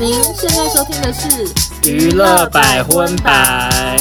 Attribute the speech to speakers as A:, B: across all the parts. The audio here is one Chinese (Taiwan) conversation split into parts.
A: 您現
B: 在收聽的是《娛樂百分百》。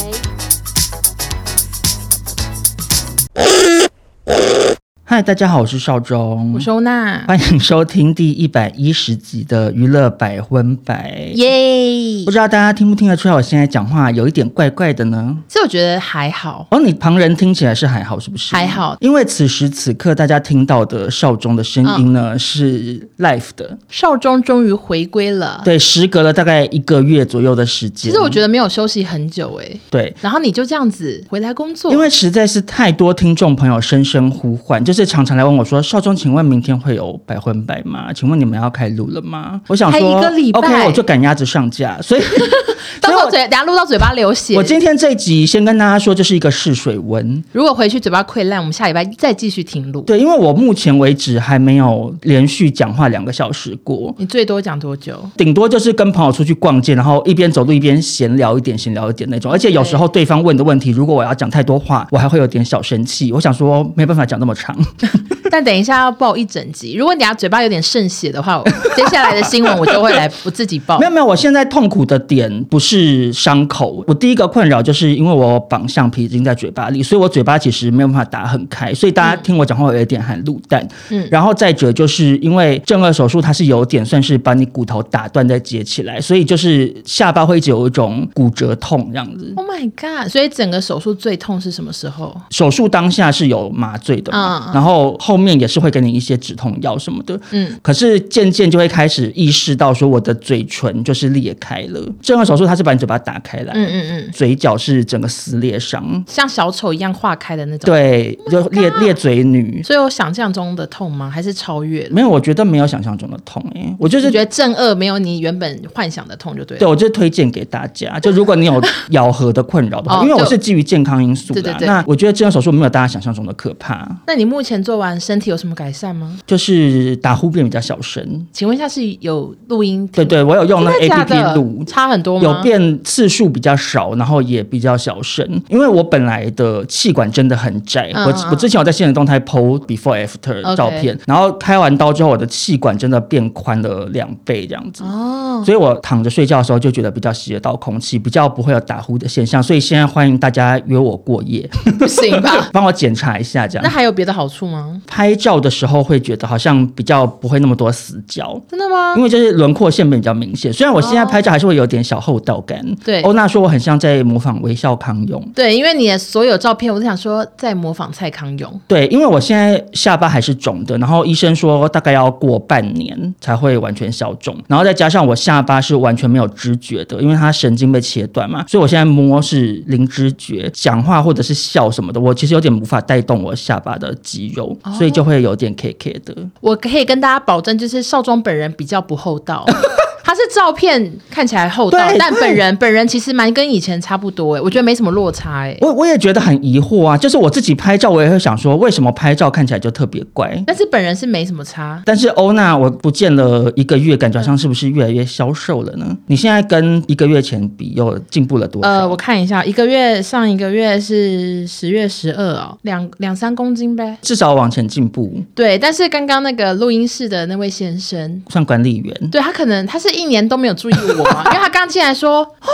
B: 嗨，大家好，我是劭中，我是
A: 歐娜。歡
B: 迎收聽第一百一十集的娛樂百分百，耶！不知道大家聽不聽得出來，我現在講話有一點怪怪的呢。其
A: 實我覺得還好，
B: 哦，你旁人聽起來是還好，是不是？還好，因為此時此刻大家聽到的劭中的聲音呢，嗯、是 live 的。
A: 劭中終於回歸了，對，
B: 時隔了大概一個月左右的時間。其實我覺得
A: 沒有休息很久、欸，哎，對。然後你就這樣子回來工作，因為實
B: 在是太多聽眾朋友聲聲呼喚，就是。常常來問我說：“劭中，請問明天會有百分百嗎？請問你們要開錄了嗎？”
A: 我想說一個禮拜，OK，我就
B: 趕鴨子上架，所以，
A: 所以我到我嘴，等下錄到嘴巴流血。我今
B: 天這集先跟大家說，這、就是一個試水溫。
A: 如果回去嘴巴潰爛，我們下禮拜再繼續停錄。
B: 對，因為我目前為止還沒有連續講話兩個小時過。你
A: 最多講多久？
B: 頂多就是跟朋友出去逛街，然後一邊走路一邊閒聊一點，閒聊一點那種。而且有時候對方問的問題，如果我要講太多話，我還會有點小生氣。我想說，沒辦法講那麼長。
A: 但等一下要報一整集，如果你要嘴巴有點滲血的話，我接下來的新聞我就會來我自己報。 沒有沒
B: 有，我現在痛苦的點不是傷口，我第一個困擾就是因為我綁橡皮筋在嘴巴裡，所以我嘴巴其實沒有辦法打很開，所以大家聽我講話有一點含滷蛋。嗯，然後再者就是因為正頜手術它是有點算是把你骨頭打斷再接起來，所以就是下巴會一直有一種骨折痛這樣子。
A: Oh my god！所以整個手術最痛是什麼時候？
B: 手術當下是有麻醉的，嗯、然後。然後後面也是會給你一些止痛藥什麼的，嗯，可是漸漸就會開始意識到說我的嘴唇就是裂開了。正頜手術它是把你嘴巴打開來，嗯嗯嗯，嘴角是整個撕裂傷，
A: 像小丑一樣化開的那種，對，Oh
B: my God, 就裂裂嘴女。所
A: 以，我想象中的痛嗎？還是超越？
B: 沒有，我覺得沒有想象中的痛。欸，哎，我就是覺
A: 得正顎沒有你原本幻想的痛就對了，對，
B: 我就是推薦給大家，就如果你有咬合的困擾的話， 因為我是基於健康因素的。啊，對對對，那我覺得正顎手術沒有大家想象中的可怕。
A: 那你目前。前做完身體有什麼改善
B: 嗎？就是打呼變比較小聲。
A: 請問一下是有錄音？
B: 對對，我有用那個 APP 錄。
A: 差很多嗎？有變
B: 次數比較少，然後也比較小聲。因為我本來的氣管真的很窄，嗯、啊啊我我之前我在線實動態 po before after 照片、okay，然後開完刀之後，我的氣管真的變寬了兩倍這樣子。哦，所以我躺着睡覺的時候就覺得比較吸得到空氣，比較不會有打呼的現象。所以現在歡迎大家約我過夜，不行吧？ 幫我檢查一下這樣。那
A: 還有別的好處？
B: 拍照的時候會覺得好像比較不會那麼多死角。真的嗎？因為就是輪廓線比較明顯。雖然我現在拍照還是會有點小厚道感。哦、對，歐娜說我很像在模仿微笑康永。
A: 對，因為你的所有照片，我想說在模仿蔡康永。
B: 對，因為我現在下巴還是腫的，然後醫生說大概要過半年才會完全消腫，然後再加上我下巴是完全沒有知覺的，因為他神經被切斷嘛，所以我現在摸是零知覺，講話或者是笑什麼的，我其實有點無法帶動我下巴的肌肉。有，所以就會有點 K K 的。Oh,
A: 我可以跟大家保證，就是劭中本人比較不厚道。 他是照片看起來厚道，但本人本人其實蠻跟以前差不多哎、欸，我覺得沒什麼落差哎、欸。
B: 我我也覺得很疑惑啊，就是我自己拍照，我也會想說，為什麼拍照看起來就特別怪？
A: 但是本人是沒什麼差。
B: 但是歐娜，我不見了一個月，感覺上是不是越來越消瘦了呢？你現在跟一個月前比，又進步了多少？呃，
A: 我看一下，一個月上一個月是十月十二哦，兩兩三公斤唄，
B: 至少往前進步。
A: 對，但是剛剛那個錄音室的那位先生，
B: 算管理員，
A: 對他可能他是。一年都沒有注意我， 因為他剛進來說， 哦，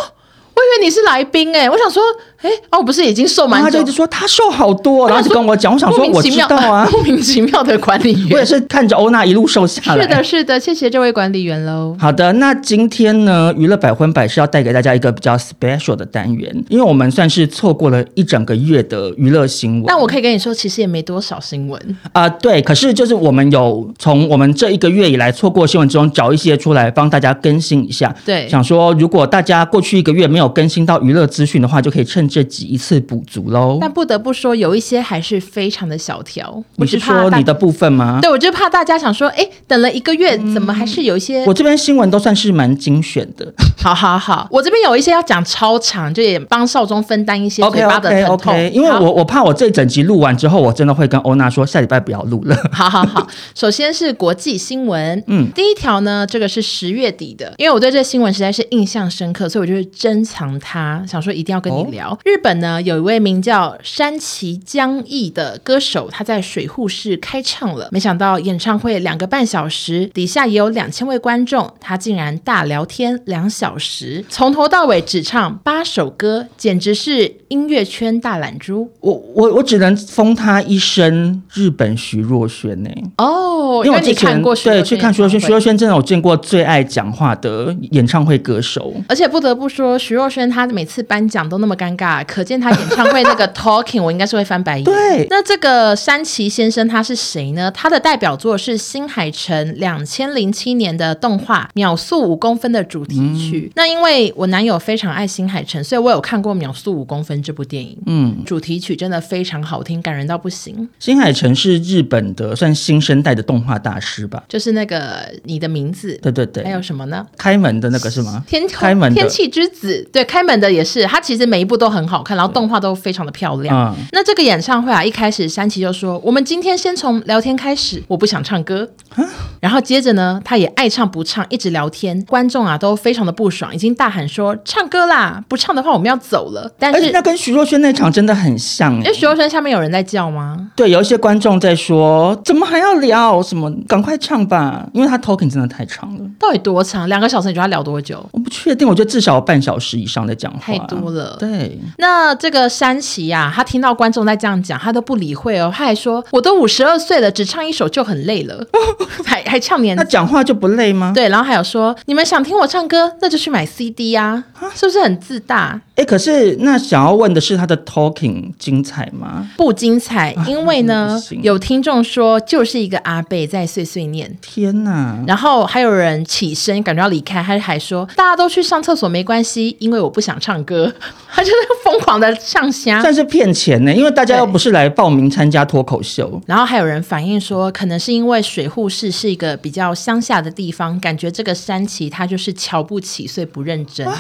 A: 我以為你是來賓哎、欸，我想說。哎哦，不是已經瘦嗎、哦？他就一直說
B: 他瘦好多，然後就跟我講，我想說，我知道啊，莫名其妙的管理員。我也是看着歐娜一路瘦下來。是的，
A: 是的，謝謝這位管理員嘍。
B: 好的，那今天呢，娛樂百分百是要帶給大家一個比較 special 的單元，因為我們算是錯過了一整個月的娛樂新聞。
A: 那我可以跟你說，其實也沒多少新聞
B: 啊、呃。對，可是就是我們有從我們這一個月以來錯過新聞之中找一些出來，幫大家更新一下。對，想說如果大家過去一個月沒有更新到娛樂資訊的話，就可以趁。這幾次補足嘍，但不
A: 得不說，有一些還是非常的小條。你是說你的
B: 部分嗎？對，我
A: 就怕大家想說，哎，等了一個月，嗯，怎麼還是有一些？我這
B: 邊新聞都算是蠻精選的。好好
A: 好，我這邊有一些要講超長，就也幫劭中分擔一些 OK OK OK，
B: 因為我我怕我這整集錄完之後，我真的會跟歐娜說下禮拜不要錄了。
A: 好好好， 首先是國際新聞，嗯，第一條呢，這個是十月底的，因為我對這個新聞實在是印象深刻，所以我就是珍藏它，想說一定要跟你聊。哦日本呢，有一位名叫山崎將義的歌手，他在水戶市開唱了。沒想到演唱會兩個半小時，底下也有兩千位觀眾，他竟然大聊天兩小時，從頭到尾只唱八首歌，簡直是音樂圈大懶
B: 豬。我我我只能封他一聲日本徐若瑄呢、欸。哦、oh，因為你看過徐若，所對，去看徐若瑄。徐若瑄真的我見過最愛講話的演唱會歌手，
A: 而且不得不說，徐若瑄她每次頒獎都那麼尷尬。可見他演唱會那個 talking， 我應該是會翻白眼。對，那這個山崎先生他是誰呢？他的代表作是新海誠兩千零七年的動畫《秒速五公分》的主題曲。嗯。那因為我男友非常愛新海誠，所以我有看過《秒速五公分》這部電影。嗯，主題曲真的非常好聽，感人到不行。
B: 新海誠是日本的，算新生代的動畫大師吧？
A: 就是那個你的名字，對
B: 對對，還有什麼呢？開門的那個是嗎？天，開門的天氣
A: 之子，對，開門的也是。他其實每一部都。很好看，然後動畫都非常的漂亮。嗯、那這個演唱會啊，一開始山崎就說：“我們今天先從聊天開始。”我不想唱歌、啊。然後接着呢，他也愛唱不唱，一直聊天。觀眾啊，都非常的不爽，已經大喊說：“唱歌啦！不唱的話，我們要走了。”
B: 但是、欸、那跟徐若瑄那場真的很像、欸。那徐
A: 若瑄下面有人在叫嗎？
B: 對，有一些觀眾在說：“怎麼還要聊？什麼？趕快唱吧！”因為他 talking 真的太長了。
A: 到底多長？兩個小時你覺得他聊多久？我
B: 不確定，我覺得至少半小時以上在講話。太多了，對。
A: 那這個山崎呀、啊，他聽到觀眾在這樣講，他都不理會哦。他還說：“我都五十二歲了，只唱一首就很累了，哦、還還唱臉。”那講話就不累嗎？對，然後還有說：“你們想聽我唱歌，那就去買 CD 啊！”是不是很自大？
B: 哎、欸，可是那想要問的是他的 talking 精彩嗎？
A: 不精彩，因為呢，啊、有聽眾說就是一個阿伯在碎碎念。天哪、啊！然後還有人起身，感覺要離開，他還，還說：“大家都去上廁所沒關係，因為我不想唱歌。”他就在。瘋 狂的上香，算是
B: 騙錢呢，因為大家又不是來報名參加脫口秀。
A: 然後還有人反映說，可能是因為水戶市是一個比較鄉下的地方，感覺這個山崎他就是瞧不起，所以不認真。啊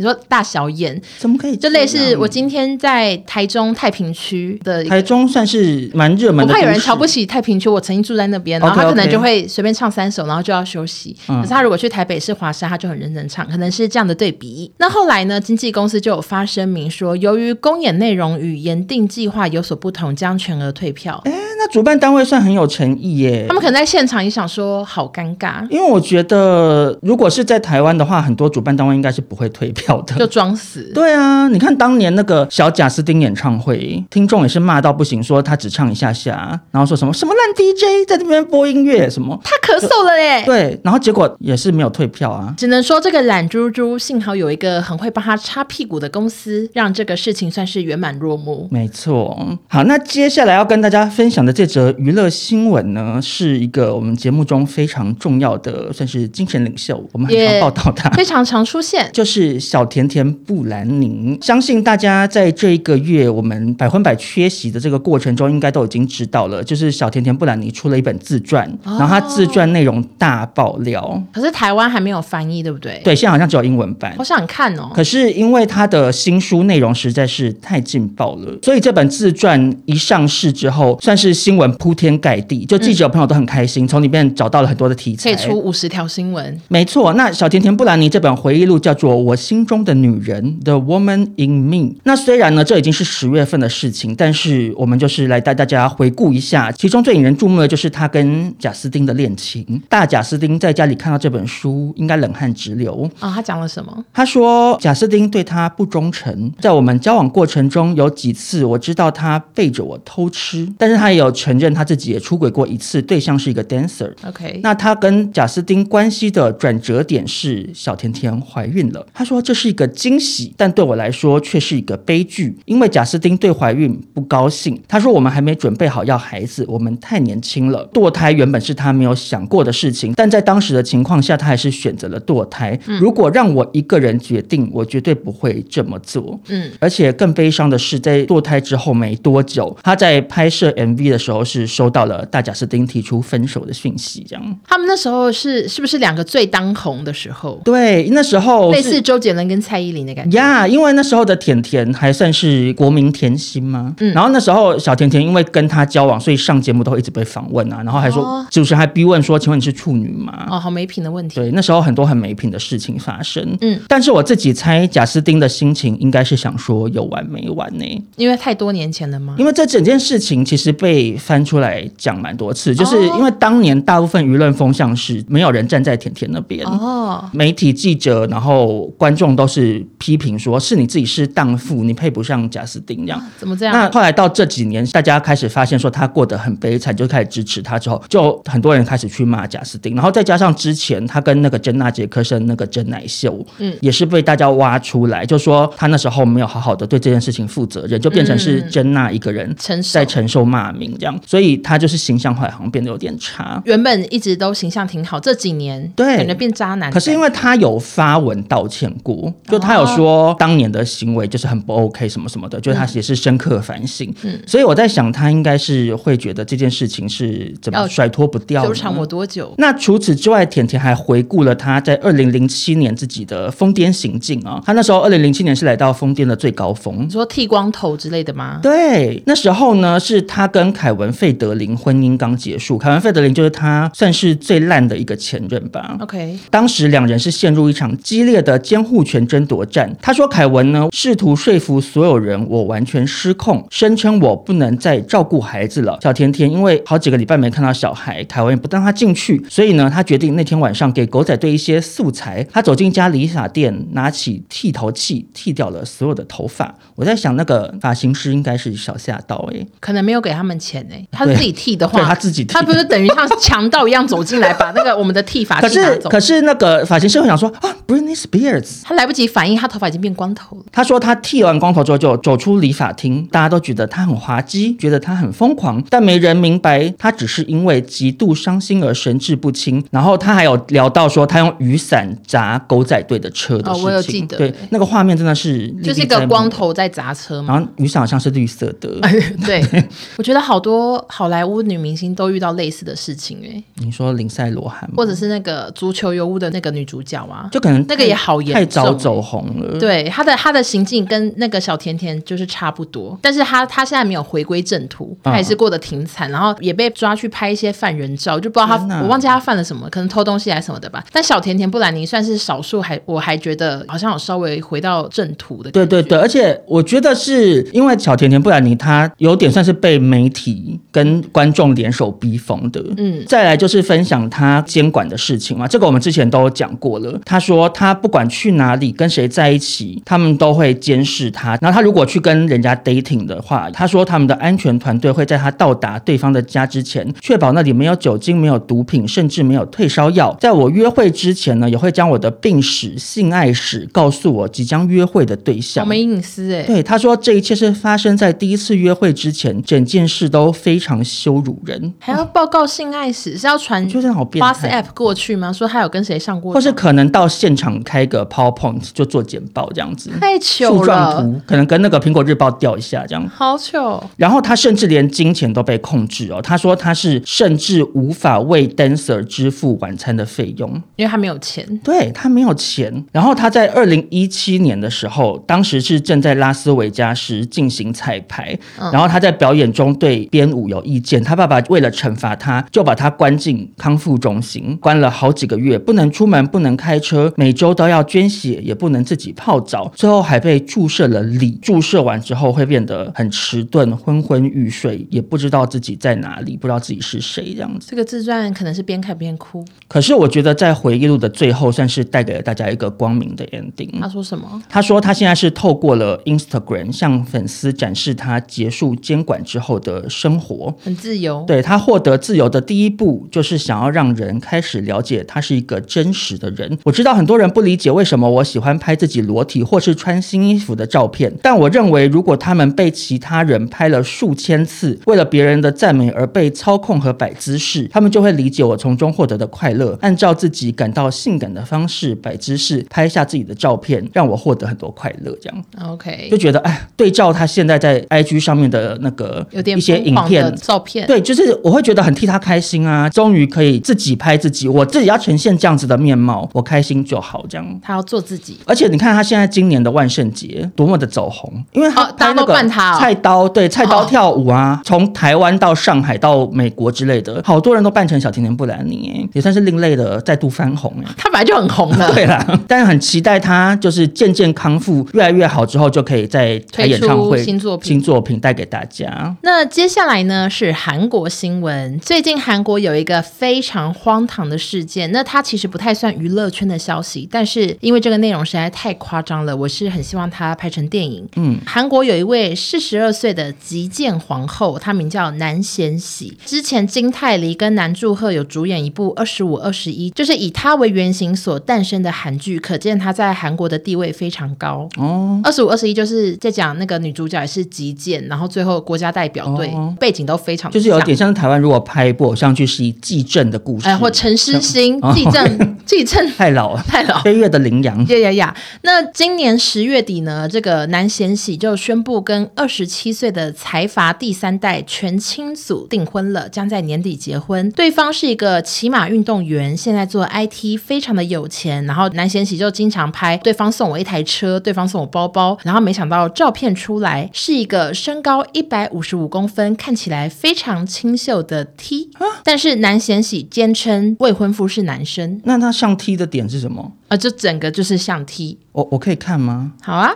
A: 你說大小眼怎麼可以、啊？就類似我今天在台中太平區的台
B: 中算是蠻熱門的。我怕有人瞧不
A: 起太平區。我曾經住在那邊，okay, okay. 然後他可能就會隨便唱三首，然後就要休息。嗯、可是他如果去台北市華山，他就很認真唱，可能是這樣的對比。那後來呢？經紀公司就有發聲明說，由於公演內容與原定計劃有所不同，將全額退票。欸
B: 主辦單位算很有誠意耶，他們可能
A: 在現場也想說好尷尬，
B: 因為我覺得如果是在台灣的話，很多主辦單位應該是不會退票的，就裝死。對啊，你看當年那個小賈斯汀演唱會，聽眾也是罵到不行，說他只唱一下下，然後說什麼什麼爛 DJ 在這邊播音樂什麼，他咳嗽了耶，對，然後結果也是沒有退票啊，
A: 只能說這個懶豬豬幸好有一個很會幫他擦屁股的公司，讓這個事情算是圓滿落幕。
B: 沒錯，好，那接下來要跟大家分享的。這則娛樂新聞呢，是一個我們節目中非常重要的，算是精神領袖，我們很常報道他，非常常出現，就是小甜甜布蘭妮。相信大家在這一個月我們百分百缺席的這個過程中，應該都已經知道了，就是小甜甜布蘭妮出了一本自傳，哦，然後她自傳內容大爆料。
A: 可是台灣還沒有翻譯，對不對？
B: 對，現在好像只有英文版。好
A: 想看哦。可
B: 是因為她的新書內容實在是太勁爆了，所以這本自傳一上市之後，算是新。新聞鋪天蓋地，就記者朋友都很開心，從、嗯、裡面找到了很多的題材，可以出
A: 五十條新聞。
B: 沒錯，那小甜甜布蘭妮這本回憶錄叫做《我心中的女人》（The Woman in Me）。那雖然呢，這已經是十月份的事情，但是我們就是來帶大家回顧一下。其中最引人注目的就是她跟賈斯汀的戀情。大賈斯汀在家裡看到這本書，應該冷汗直流
A: 啊、哦！他講了什
B: 麼？他說賈斯汀對他不忠誠，在我們交往過程中有幾次我知道他背着我偷吃，但是他也有。我承認他自己也出軌過一次，對象是一個 dancer。OK，那他跟賈斯汀關係的轉折點是小甜甜懷孕了。他說這是一個驚喜，但對我來說卻是一個悲劇，因為賈斯汀對懷孕不高興。他說我們還沒準備好要孩子，我們太年輕了。墮胎原本是他沒有想過的事情，但在當時的情況下，他還是選擇了墮胎。如果讓我一個人決定，我絕對不會這麼做。嗯，而且更悲傷的是，在墮胎之後沒多久，他在拍攝 MV 的時候是收到了大賈斯汀提出分手的訊息，這樣。
A: 他們那時候是是不是兩個最當紅的時候？
B: 對，那時候是類似周
A: 杰倫跟蔡依林的感覺。呀、
B: yeah,，因為那時候的甜甜還算是國民甜心嘛。嗯。然後那時候小甜甜因為跟他交往，所以上節目都一直被訪問啊。然後還說就是、哦、還逼問說：“請問你是處女嗎？”
A: 哦，好沒品的問題。
B: 對，那時候很多很沒品的事情發生。嗯。但是我自己猜，賈斯汀的心情應該是想說有完沒完呢、欸，
A: 因為太多年前了嘛？
B: 因為這整件事情其實被。翻出來講蠻多次，就是因為當年大部分輿論風向是沒有人站在甜甜那邊，哦、oh，媒體記者然後觀眾都是批評說，是你自己是蕩婦，你配不上賈斯汀，啊、這樣。那後來到這幾年，大家開始發現說他過得很悲慘，就開始支持他之後，就很多人開始去罵賈斯汀，然後再加上之前他跟那個珍娜傑克森那個珍奶秀，嗯，也是被大家挖出來、嗯，就說他那時候沒有好好的對這件事情負責任，就變成是珍娜一個人在承受罵名。嗯這樣，所以他就是形象好像變得有點差，原
A: 本一直都形象挺好，這幾年對感覺變渣男。可是
B: 因為他有發文道歉過、哦，就他有說當年的行為就是很不 OK 什麼什麼的，哦、就是他也是深刻反省。嗯，所以我在想，他應該是會覺得這件事情是怎麼甩脫不掉的，糾纏我多久？那除此之外，甜甜還回顧了他在二零零七年自己的瘋癲行徑啊，他那時候二零零七年是來到瘋癲的最高峰，你
A: 說剃光頭之類的嗎？
B: 對，那時候呢、哦、是他跟凱。凱文費德林婚姻剛結束，凱文費德林就是他算是最爛的一個前任吧。OK，當時兩人是陷入一場激烈的監護權爭奪戰。他說：“凱文呢，試圖說服所有人我完全失控，聲稱我不能再照顧孩子了。”小甜甜因為好幾個禮拜沒看到小孩，凱文也不讓他進去，所以呢，他決定那天晚上給狗仔隊一些素材。他走進一家理髮店，拿起剃頭器剃掉了所有的頭髮。我在想，那個髮型師應該是小嚇到誒，
A: 可能沒有給他們錢。他自己剃的話，他自己剃，他不是等於像強盜一樣走進來，把 那個我們的剃髮。可是，可
B: 是那個髮型師會想說啊，Britney Spears，
A: 他來不及反應，他頭髮已經變光頭
B: 了。他說他剃完光頭之後，就走出理髮廳，大家都覺得他很滑稽，覺得他很瘋狂，但沒人明白他只是因為極度傷心而神志不清。然後他還有聊到說他用雨傘砸狗仔隊的車的、哦、我記得。對、哎，那個畫面真的是歷歷的，就是一個光頭在砸車嗎，然後雨傘好像是綠色的。哎、對，
A: 我覺得好多。多好萊塢女明星都遇到類似的事情，哎、
B: 欸，你說林賽羅涵或
A: 者是那個足球尤物的那個女主角啊，就可能那個也好嚴重，太，太早
B: 走紅了。對，
A: 她的她的行徑跟那個小甜甜就是差不多，但是她她現在沒有回歸正途，她也是過得挺慘，嗯，然後也被抓去拍一些犯人照，就不知道她，我忘記她犯了什麼，可能偷東西還是什麼的吧。但小甜甜布蘭妮算是少數還我還覺得好像有稍微回到正途的。
B: 對對對，而且我覺得是因為小甜甜布蘭妮她有點算是被媒體。跟觀眾聯手逼瘋的，嗯，再來就是分享他監管的事情嘛，這個我們之前都講過了。他說他不管去哪裡跟誰在一起，他們都會監視他。然後他如果去跟人家 dating 的話，他說他們的安全團隊會在他到達對方的家之前，確保那裡沒有酒精、沒有毒品，甚至沒有退燒藥。在我約會之前呢，也會將我的病史、性愛史告訴我即將約會的對象。我沒
A: 隱私哎、欸。對，
B: 他說這一切是發生在第一次約會之前，整件事都。都非常羞辱人，
A: 還要報告性愛史、嗯、是要傳，
B: 就是好變 WhatsApp
A: 過去嗎？說他有跟誰上過，或是可
B: 能到現場開個 PowerPoint 就做簡報這樣子，太
A: 糗了。
B: 可能跟那個蘋果日報掉一下這樣、嗯，好糗。然後他甚至連金錢都被控制哦，他說他是甚至無法為 dancer 支付晚餐的費用，因為他
A: 沒有錢。
B: 對，他沒有錢。然後他在二零一七年的時候，當時是正在拉斯維加斯進行彩排、嗯，然後他在表演中對。編舞有意見，他爸爸為了懲罰他，就把他關進康復中心，關了好幾個月，不能出門，不能開車，每周都要捐血，也不能自己泡澡。最後還被注射了鋰，注射完之後會變得很遲鈍、昏昏欲睡，也不知道自己在哪裡，不知道自己是誰。這樣子，這
A: 個自傳可能是邊看邊哭。
B: 可是我覺得在回憶錄的最後，算是帶給了大家一個光明的 ending，啊。
A: 他說什麼？
B: 他說他現在是透過了 Instagram 向粉絲展示他結束監管之後的。生活很自由。對，他獲得自由的第一步就是想要讓人開始了解他是一個真實的人。我知道很多人不理解為什麼我喜歡拍自己裸體或是穿新衣服的照片，但我認為如果他們被其他人拍了數千次，為了別人的讚美而被操控和擺姿勢，他們就會理解我從中獲得的快樂。按照自己感到性感的方式擺姿勢，拍下自己的照片，讓我獲得很多快樂。這樣
A: ，OK，就覺
B: 得哎，對照他現在在 IG 上面的那個，一些。影片照片，對，就是我會覺得很替他開心啊，終於可以自己拍自己，我自己要呈現這樣子的面貌，我開心就好，這樣。
A: 他要做自己，而且你
B: 看他現在今年的萬聖節多麼的走紅，
A: 因為他大家都扮他菜
B: 刀他、哦，對，菜刀跳舞啊、哦，從台灣到上海到美國之類的，好多人都扮成小甜甜布蘭妮、欸，也算是另類的再度翻紅、欸。他本來就很紅了 對啦，但是很期待他就是漸漸康復越來越好之後，就可以再開演唱會新，新作品帶給大家。那
A: 接下來。接下來呢是韓國新聞，最近韓國有一個非常荒唐的事件，那它其實不太算娛樂圈的消息，但是因為這個內容實在太誇張了，我是很希望它拍成電影。嗯，韓國有一位四十二歲的擊劍皇後，她名叫南賢喜。之前金泰梨跟南柱赫有主演一部《二十五二十一》，就是以她為原型所誕生的韓劇，可見她在韓國的地位非常高。哦，二十五二十一就是在講那個女主角也是擊劍，然後最後國家代表隊。哦背景都非常就是有點像
B: 台灣，如果拍一部偶像劇是以紀政的故事，哎，
A: 或陳詩欣紀政，
B: 紀政、哦 okay, 太老了，太老了。飛躍的羚羊，呀
A: 呀呀！那今年十月底呢，這個南賢喜就宣布跟二十七歲的財閥第三代全清祖訂婚了，將在年底結婚。對方是一個騎馬運動員，現在做 IT，非常的有錢。然後南賢喜就經常拍對方送我一台車，對方送我包包，然後沒想到照片出來是一個身高一百五十五公分。看起來非常清秀的 T，但是南賢喜堅稱未婚夫是男生。那他像 T 的點
B: 是什麼？
A: 啊，就整個就是像 T。
B: 我我可以看嗎？好
A: 啊，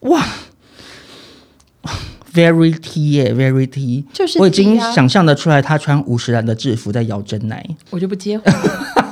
A: 哇
B: ，very T 耶，very T，就是、啊、我已經想象得出來，他穿五十嵐的制服在搖珍奶，
A: 我就不接。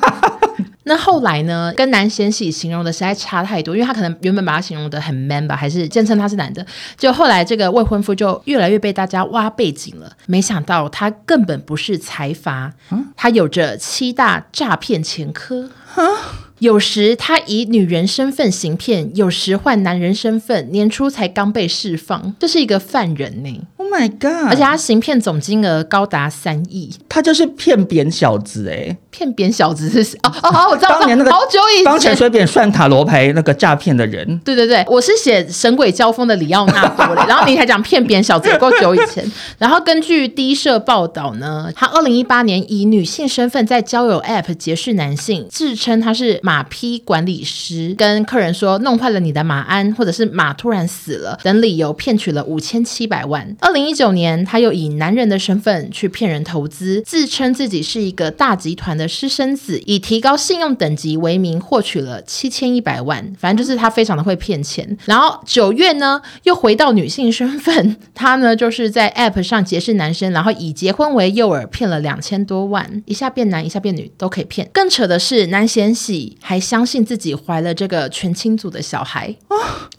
A: 那後來呢？跟南賢喜形容的實在差太多，因為他可能原本把他形容得很 man 吧，還是堅稱他是男的。就後來這個未婚夫就越來越被大家挖背景了，沒想到他根本不是財閥，他有着七大詐騙前科。嗯有時他以女人身份行騙，有時換男人身份。年初才剛被釋放，這是一個犯人呢、欸。Oh my god！而且他行騙總金額高達三億。他就是騙扁
B: 小子哎、欸，
A: 騙扁小子是哦
B: 哦，我、哦、知道了、 那個。好久以前，當陳水扁算塔羅牌那個詐騙的人。
A: 對對對，我是寫《神鬼交鋒》的李奧納多。 然後你還講騙扁小子，夠久以前。 然後根據《第一社》報道呢，他二零一八年以女性身份在交友 App 結識男性，自稱他是。馬匹管理師跟客人說弄壞了你的馬鞍，或者是馬突然死了等理由騙取了五千七百萬。二零一九年，他又以男人的身份去騙人投資，自稱自己是一個大集團的私生子，以提高信用等級為名獲取了七千一百萬。反正就是他非常的會騙錢。然後九月呢，又回到女性身份，他呢就是在 app 上結識男生，然後以結婚為誘餌騙了兩千多萬，一下變男一下變女都可以騙。更扯的是南賢喜。還相信自己懷了這個全清祖的小孩。哦，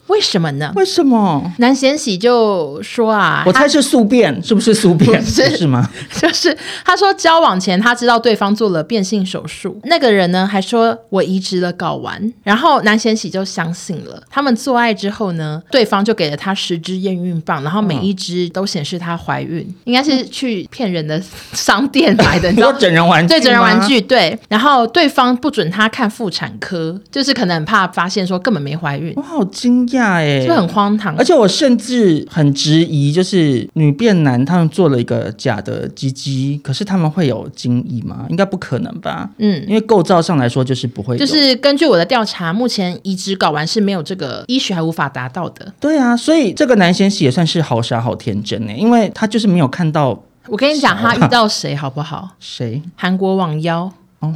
A: 為什麼呢？為
B: 什麼？
A: 南賢喜就說啊，我猜是宿便，啊，是不
B: 是宿便？是嗎？
A: 就是他說交往前他知道對方做了變性手術，那個人呢還說我移植了睾丸，然後南賢喜就相信了。他們做愛之後呢，對方就給了他十支驗孕棒，然後每一支都顯示他懷孕，嗯，應該是去騙人的商店買的，你要 整人玩具？對整人玩具對。然後對方不准他看婦婦產科就是可能很怕發現說根本沒懷孕，
B: 我好驚訝哎，就很荒唐。而且我甚至很質疑，就是女變男，他們做了一個假的雞雞，可是他們會有精液嗎？應該不可能吧？嗯，因為構造上來說就是不會。就是
A: 根據我的調查，目前移植睪丸是沒有這個醫學還無法達到的。
B: 對啊，所以這個南賢喜也算是好傻好天真哎，欸，因為他就是沒有看到。
A: 我跟你講，啊，他遇到誰好不好？
B: 誰？
A: 韓國罔腰。哦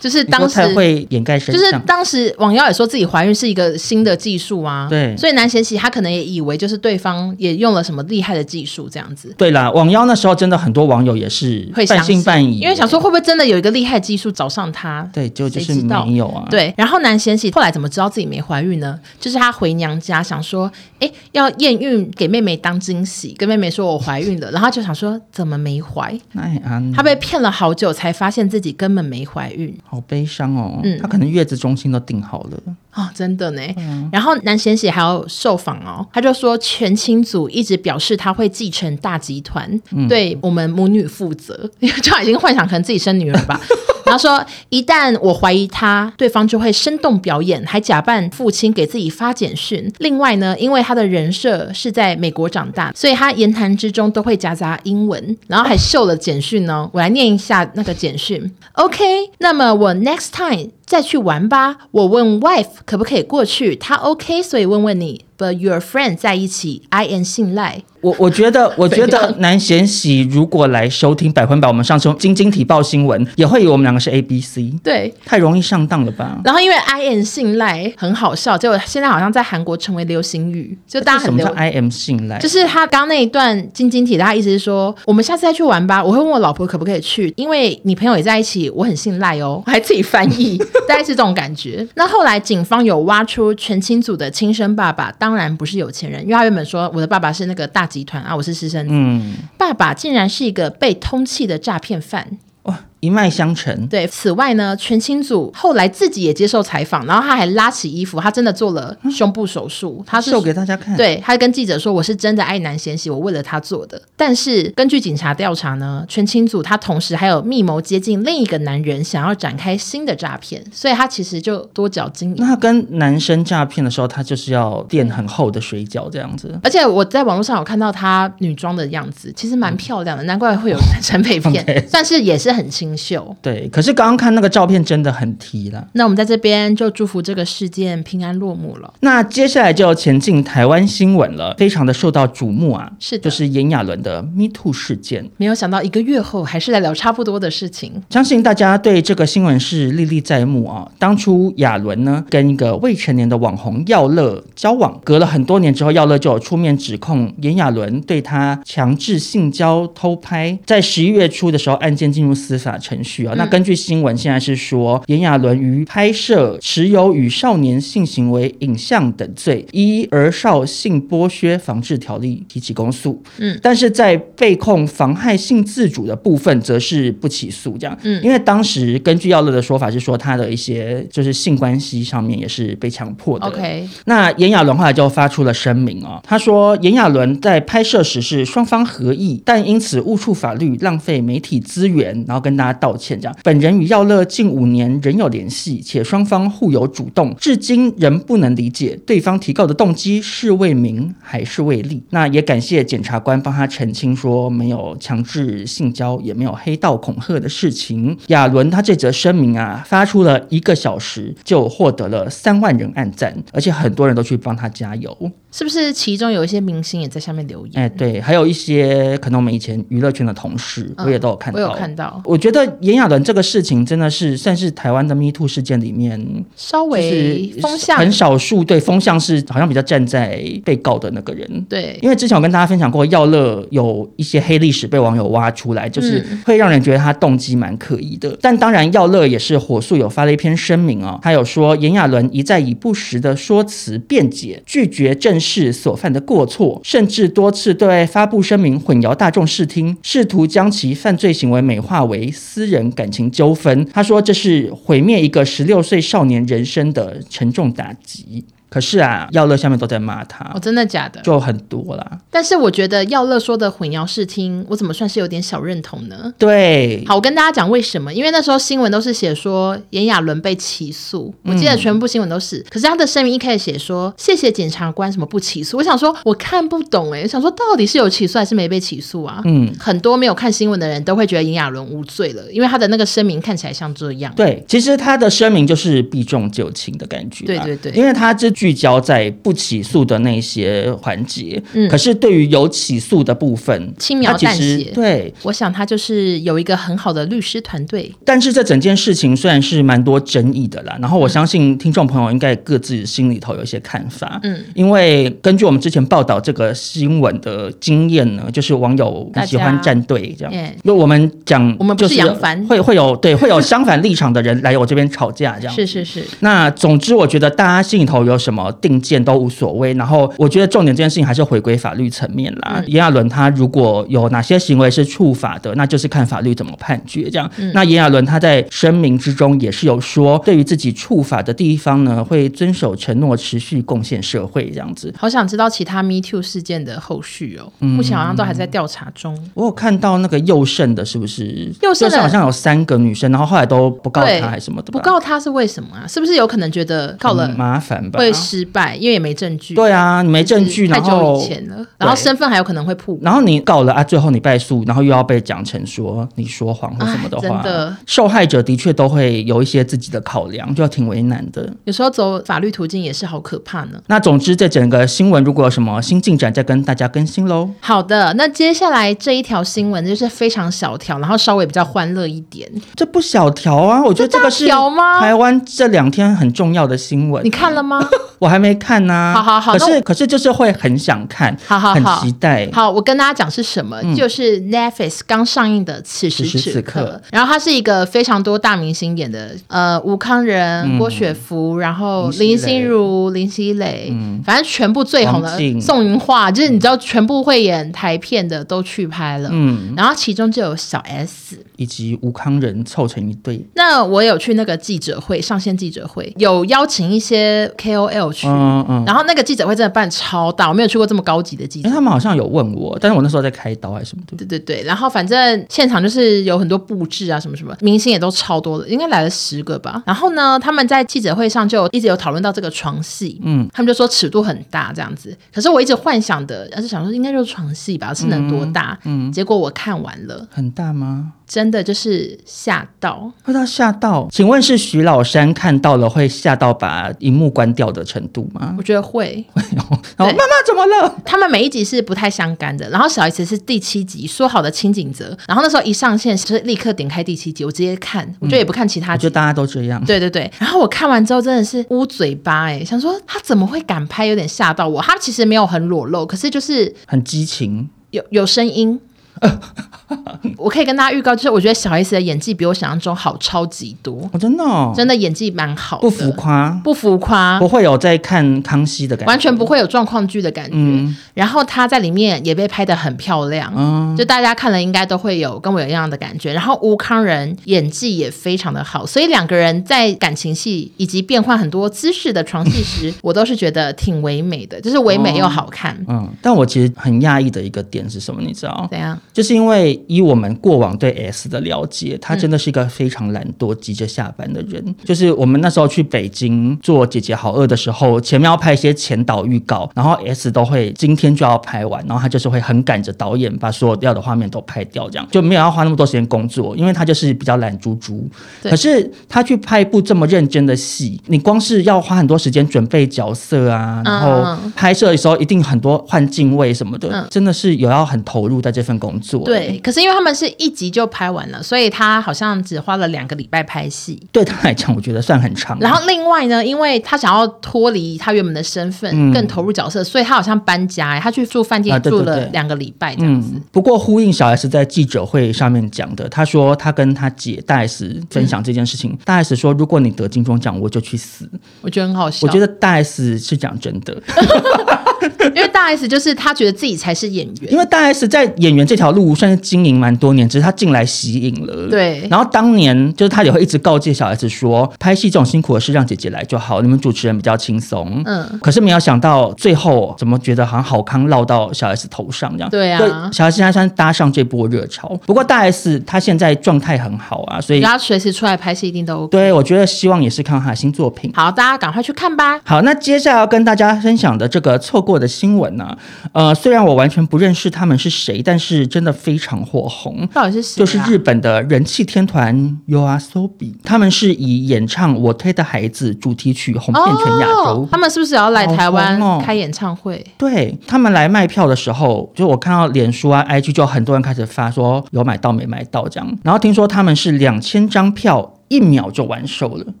A: 就是當時會
B: 掩蓋，就是當
A: 時罔腰也說自己懷孕是一個新的技術啊，對，所以南賢喜他可能也以為就是對方也用了什麼厲害的技術這樣子。
B: 對啦，罔腰那時候真的很多網友也是半信半疑，因為
A: 想說會不會真的有一個厲害技術找上他？對就，就是沒有啊。對，然後南賢喜後來怎麼知道自己沒懷孕呢？就是他回娘家想說，哎、欸，要驗孕給妹妹當驚喜，跟妹妹說我懷孕了， 然後就想說怎麼沒懷？那
B: 也安。他被
A: 騙了好久才發現自己根本沒懷孕。
B: 好悲傷哦，嗯，他可能月子中心都定好了
A: 啊、哦，真的呢、嗯。然後南賢喜還要受訪哦，他就說全清祖一直表示他會繼承大集團，對我們母女負責，嗯、 就已經幻想可能自己生女兒吧。 他說：“一旦我懷疑他，對方就會生動表演，還假扮父親給自己發簡訊。另外呢，因為他的人設是在美國長大，所以他言談之中都會夾雜英文，然後還秀了簡訊呢。我來念一下那個簡訊。OK，那麽我 next time 再去玩吧。我問 wife 可不可以過去，她 OK，所以問問你。” But your friend 在一起，I am 信賴。
B: 我我覺得，我覺得南賢喜如果來收聽百分百，我們上次用晶晶體報新聞，也會以為我們兩個是 A B C。對，太容易上當了吧。然
A: 後因為 I am 信賴很好笑，結果現在好像在韓國成為流行語，就大家很叫
B: I am 信賴。就是他
A: 剛剛那一段晶晶體，他意思是說，我們下次再去玩吧。我會問我老婆可不可以去，因為你朋友也在一起，我很信賴哦。我還自己翻譯， 大概是這種感覺。那後來警方有挖出全清組的親生爸爸當。當然不是有錢人，因為他原本說，我的爸爸是那個大集團啊，我是私生子，嗯，爸爸竟然是一個被通緝的詐騙犯哇！
B: 一脈相承。
A: 對，此外呢，全清祖後來自己也接受採訪，然後他還拉起衣服，他真的做了胸部手術，嗯、他是他秀給大家看。對，他跟記者說：“我是真的愛南賢喜，我為了他做的。”但是根據警察調查呢，全清祖他同時還有密謀接近另一個男人，想要展開新的詐騙，所以他其實就多角經營。
B: 那他跟男生詐騙的時候，他就是要墊很厚的水餃這樣子、嗯。
A: 而且我在網絡上有看到他女裝的樣子，其實蠻漂亮的，嗯、難怪會有男生被騙。但、哦 okay、是也是很清楚。秀
B: 對，可是剛剛看那個照片真的很提了。
A: 那我們在這邊就祝福這個事件平安落幕了。
B: 那接下來就前進台灣新聞了，非常的受到矚目啊。是，就是炎亞綸的 Me Too 事件。
A: 沒有想到一個月後還是來聊差不多的事情。
B: 相信大家對這個新聞是歷歷在目啊。當初亞倫呢跟一個未成年的網紅耀樂交往，隔了很多年之後，耀樂就有出面指控炎亞綸對他強制性交偷拍。在十一月初的時候，案件進入司法程序啊、哦，那根據新聞，現在是說炎、嗯、亞綸於拍攝持有與少年性行為影像等罪，依《兒少性剝削防治條例》提起公訴。嗯，但是在被控妨害性自主的部分，則是不起訴。這樣，嗯，因為當時根據耀樂的說法是說，他的一些就是性關係上面也是被強迫的。OK，那炎亞綸後來就發出了聲明啊、哦，他說炎亞綸在拍攝時是雙方合意，但因此誤觸法律，浪費媒體資源，然後跟大。他道歉，這樣。本人與耀樂近五年仍有聯繫，且雙方互有主動，至今仍不能理解對方提告的動機是為名還是為利。那也感謝檢察官幫他澄清，說沒有強制性交，也沒有黑道恐嚇的事情。亞綸他這則聲明啊，發出了一個小時就獲得了三萬人按讚，而且很多人都去幫他加油。
A: 是不是，其中有一些明星也在下面留言？
B: 哎、欸，對，還有一些可能我們以前娛樂圈的同事、嗯，我也都有看到。我有看到。我覺得炎亞綸這個事情真的是算是台灣的 Me Too 事件裡面
A: 稍微風向、就是、很
B: 少數對風向是好像比較站在被告的那個人。對，因為之前我跟大家分享過，耀樂有一些黑歷史被網友挖出來，就是會讓人覺得他動機蠻可疑的、嗯。但當然，耀樂也是火速有發了一篇聲明啊、哦，他有說炎亞綸一再以不實的說辭辯解，拒絕證。是所犯的過錯，甚至多次對外發布聲明，混淆大眾視聽，試圖將其犯罪行為美化為私人感情糾紛。他說這是毀滅一個十六歲少年人生的沉重打擊。可是啊，耀樂下面都在罵他，
A: 哦、oh,，真的假的？就
B: 很多啦。
A: 但是我覺得耀樂說的混淆視聽，我怎麼算是有點小認同呢？對，好，我跟大家講為什麼？因為那時候新聞都是寫說炎亞綸被起訴，我記得全部新聞都是、嗯。可是他的聲明一開始寫說謝謝檢察官什麼不起訴，我想說我看不懂哎、欸，我想說到底是有起訴還是沒被起訴啊？嗯，很多沒有看新聞的人都會覺得炎亞綸無罪了，因為他的那個聲明看起來像這樣。對，
B: 其實他的聲明就是避重就輕的感覺。對對對，因為他這。聚焦在不起訴的那些環節，嗯，可是對於有起訴的部分輕描淡寫，對，
A: 我想他就是有一個很好的律師團隊。
B: 但是這整件事情雖然是蠻多爭議的啦，然後我相信聽眾朋友應該各自心裡頭有一些看法，嗯，因為根據我們之前報道這個新聞的經驗呢，就是網友很喜歡站隊這樣，因為我們講我們就是會是會有對會有相反立場的人來我這邊吵架這樣，是是是。那總之我覺得大家心裡頭有。什麼定件都無所謂。然後我覺得重點這件事情還是回歸法律層面啦。炎、嗯、亞綸他如果有哪些行為是觸法的，那就是看法律怎麼判決。這樣。嗯、那炎亞綸他在聲明之中也是有說，對於自己觸法的地方呢，會遵守承諾，持續貢獻社會。這樣子。
A: 好想知道其他 Me Too 事件的後續哦。目前好像都還在調查中。
B: 嗯、我有看到那個宥勝的，是不是？宥勝好像有三個女生，然後後來都不告他還是什麼的。不
A: 告他是為什麼啊？是不是有可能覺得告了、嗯、
B: 麻煩吧？失
A: 敗，因為也沒證據。對啊，
B: 你沒證據，就是太久以前了。
A: 然後身份還有可能會曝。然後你
B: 告了啊，最後你敗訴，然後又要被講成說你說謊或什麼的話。真的，受害者的確都會有一些自己的考量，就挺為難的。
A: 有時候走法律途徑也是好可怕呢。那
B: 總之，這整個新聞如果有什麼新進展，再跟大家更新嘍。
A: 好的，那接下來這一條新聞就是非常小條，然後稍微比較歡樂一點。
B: 這不小條啊，我覺得這個是這條嗎？台灣這兩天很重要的新聞，你
A: 看了嗎？
B: 我還沒看呢、啊，好好好，可是可是就是會很想看，好好好，期待。
A: 好，我跟大家講是什麼，嗯、就是 Netflix 剛上映的《此時此刻》，刻然後它是一個非常多大明星演的，呃，吳慷仁、嗯、郭雪芙，然後林心如、嗯、林熙蕾、嗯，反正全部最紅的宋芸樺，就是你知道全部會演台片的都去拍了，嗯，然後其中就有小 S
B: 以及吳慷仁湊成一對。
A: 那我有去那個記者會上線記者會有邀請一些 K O L。沒有去，嗯嗯，然後那個記者會真的辦超大，我沒有去過這麼高級的記者會，欸、他們好
B: 像有問我，但是我那時候在開刀還是什麼對對，對
A: 對對，然後反正現場就是有很多布置啊，什麼什麼，明星也都超多的，應該來了十個吧。然後呢，他們在記者會上就一直有討論到這個床戲，嗯，他們就說尺度很大這樣子。可是我一直幻想的，而是想說應該就是床戲吧，是能多大嗯？嗯，結果我看完了，
B: 很大嗎？
A: 真的就是嚇到，
B: 被他嚇到。請問是徐老三看到了會嚇到把熒幕關掉的程度嗎？我覺得
A: 會。 然後媽媽怎麼了？他們每一集是不太相干的。然後小 S 是第七集，說好的清景澤，然後那時候一上線就是立刻點開第七集，我直接看，我覺得也不看其他，
B: 就、嗯、大家都這樣。對對
A: 對。然後我看完之後真的是捂嘴巴、欸，哎，想說他怎麼會敢拍，有點嚇到我。他其實沒有很裸露，可是就是
B: 很激情，
A: 有有聲音。 我可以跟大家預告，就是我覺得小 S 的演技比我想象中好超級多，
B: 哦、真的、哦、真的，
A: 演技蠻好，不浮誇，不浮誇，不
B: 會有在看康熙的感覺，完全
A: 不會有狀況劇的感覺、
B: 嗯。
A: 然後他在裡面也被拍得很漂亮、嗯，就大家看了應該都會有跟我有一樣的感覺。然後吳慷仁演技也非常的好，所以兩個人在感情戲以及變換很多姿勢的床戲時， 我都是覺得挺唯美的，就是唯美又好看。哦、
B: 嗯，但我其實很訝異的一個點是什麼？你知道？怎樣？就是因為以我們過往對 S 的了解，他真的是一個非常懶惰、急着下班的人、嗯。就是我們那時候去北京做《姐姐好餓》的時候，前面要拍一些前導預告，然後 S 都會今天就要拍完，然後他就是會很趕着導演把所有要的畫面都拍掉，這樣就沒有要花那麼多時間工作，因為他就是比較懶豬豬。可是他去拍一部這麼認真的戲，你光是要花很多時間準備角色啊，然後拍攝的時候一定很多換鏡位什麼的、嗯，真的是有要很投入在這份工作。對，
A: 可是因為他們是一集就拍完了，所以他好像只花了兩個禮拜拍戲。
B: 對他來講，我覺得算很長。然後
A: 另外呢，因為他想要脫離他原本的身份，嗯、更投入角色，所以他好像搬家，他去住飯店、啊、對對對住了兩個禮拜這樣
B: 子。嗯、不過呼應小 S 是在記者會上面講的，他說他跟他姐大 S 分享這件事情，嗯、大 S 說如果你得金鐘獎，我就去死。
A: 我覺得很好笑。我覺得
B: 大 S 是講真的。
A: 因為大 S 就是他覺得自己才是演
B: 員，因為大 S 在演員這條路算是經營蠻多年，只是他進來息影了。對，然後當年就是他也會一直告誡小 S 說，拍戲這種辛苦的事讓姐姐來就好，你們主持人比較輕鬆。嗯，可是沒有想到最後怎麼覺得好像好康落到小 S 頭上這樣。對啊，對小 S 她算搭上這波熱潮。不過大 S 他現在狀態很好啊，所以他
A: 隨時出來拍戲一定都
B: OK、對。我覺得希望也是看他的新作品。好，大家趕快去看吧。好，那接下來要跟大家分享的這個錯過。的新聞呢、啊？呃，雖然我完全不認識他們是誰，但是真的非常火紅。到底是誰、啊？就是日本的人氣天團 YOASOBI，他們是以演唱《我推的孩子》主題曲紅遍全亞洲、哦。他
A: 們是不是也要來台灣開演唱會？
B: 哦、對他們來賣票的時候，就我看到臉書啊、I G 就很多人開始發說有買到沒買到這樣。然後聽說他們是兩千張票。一秒就完售了，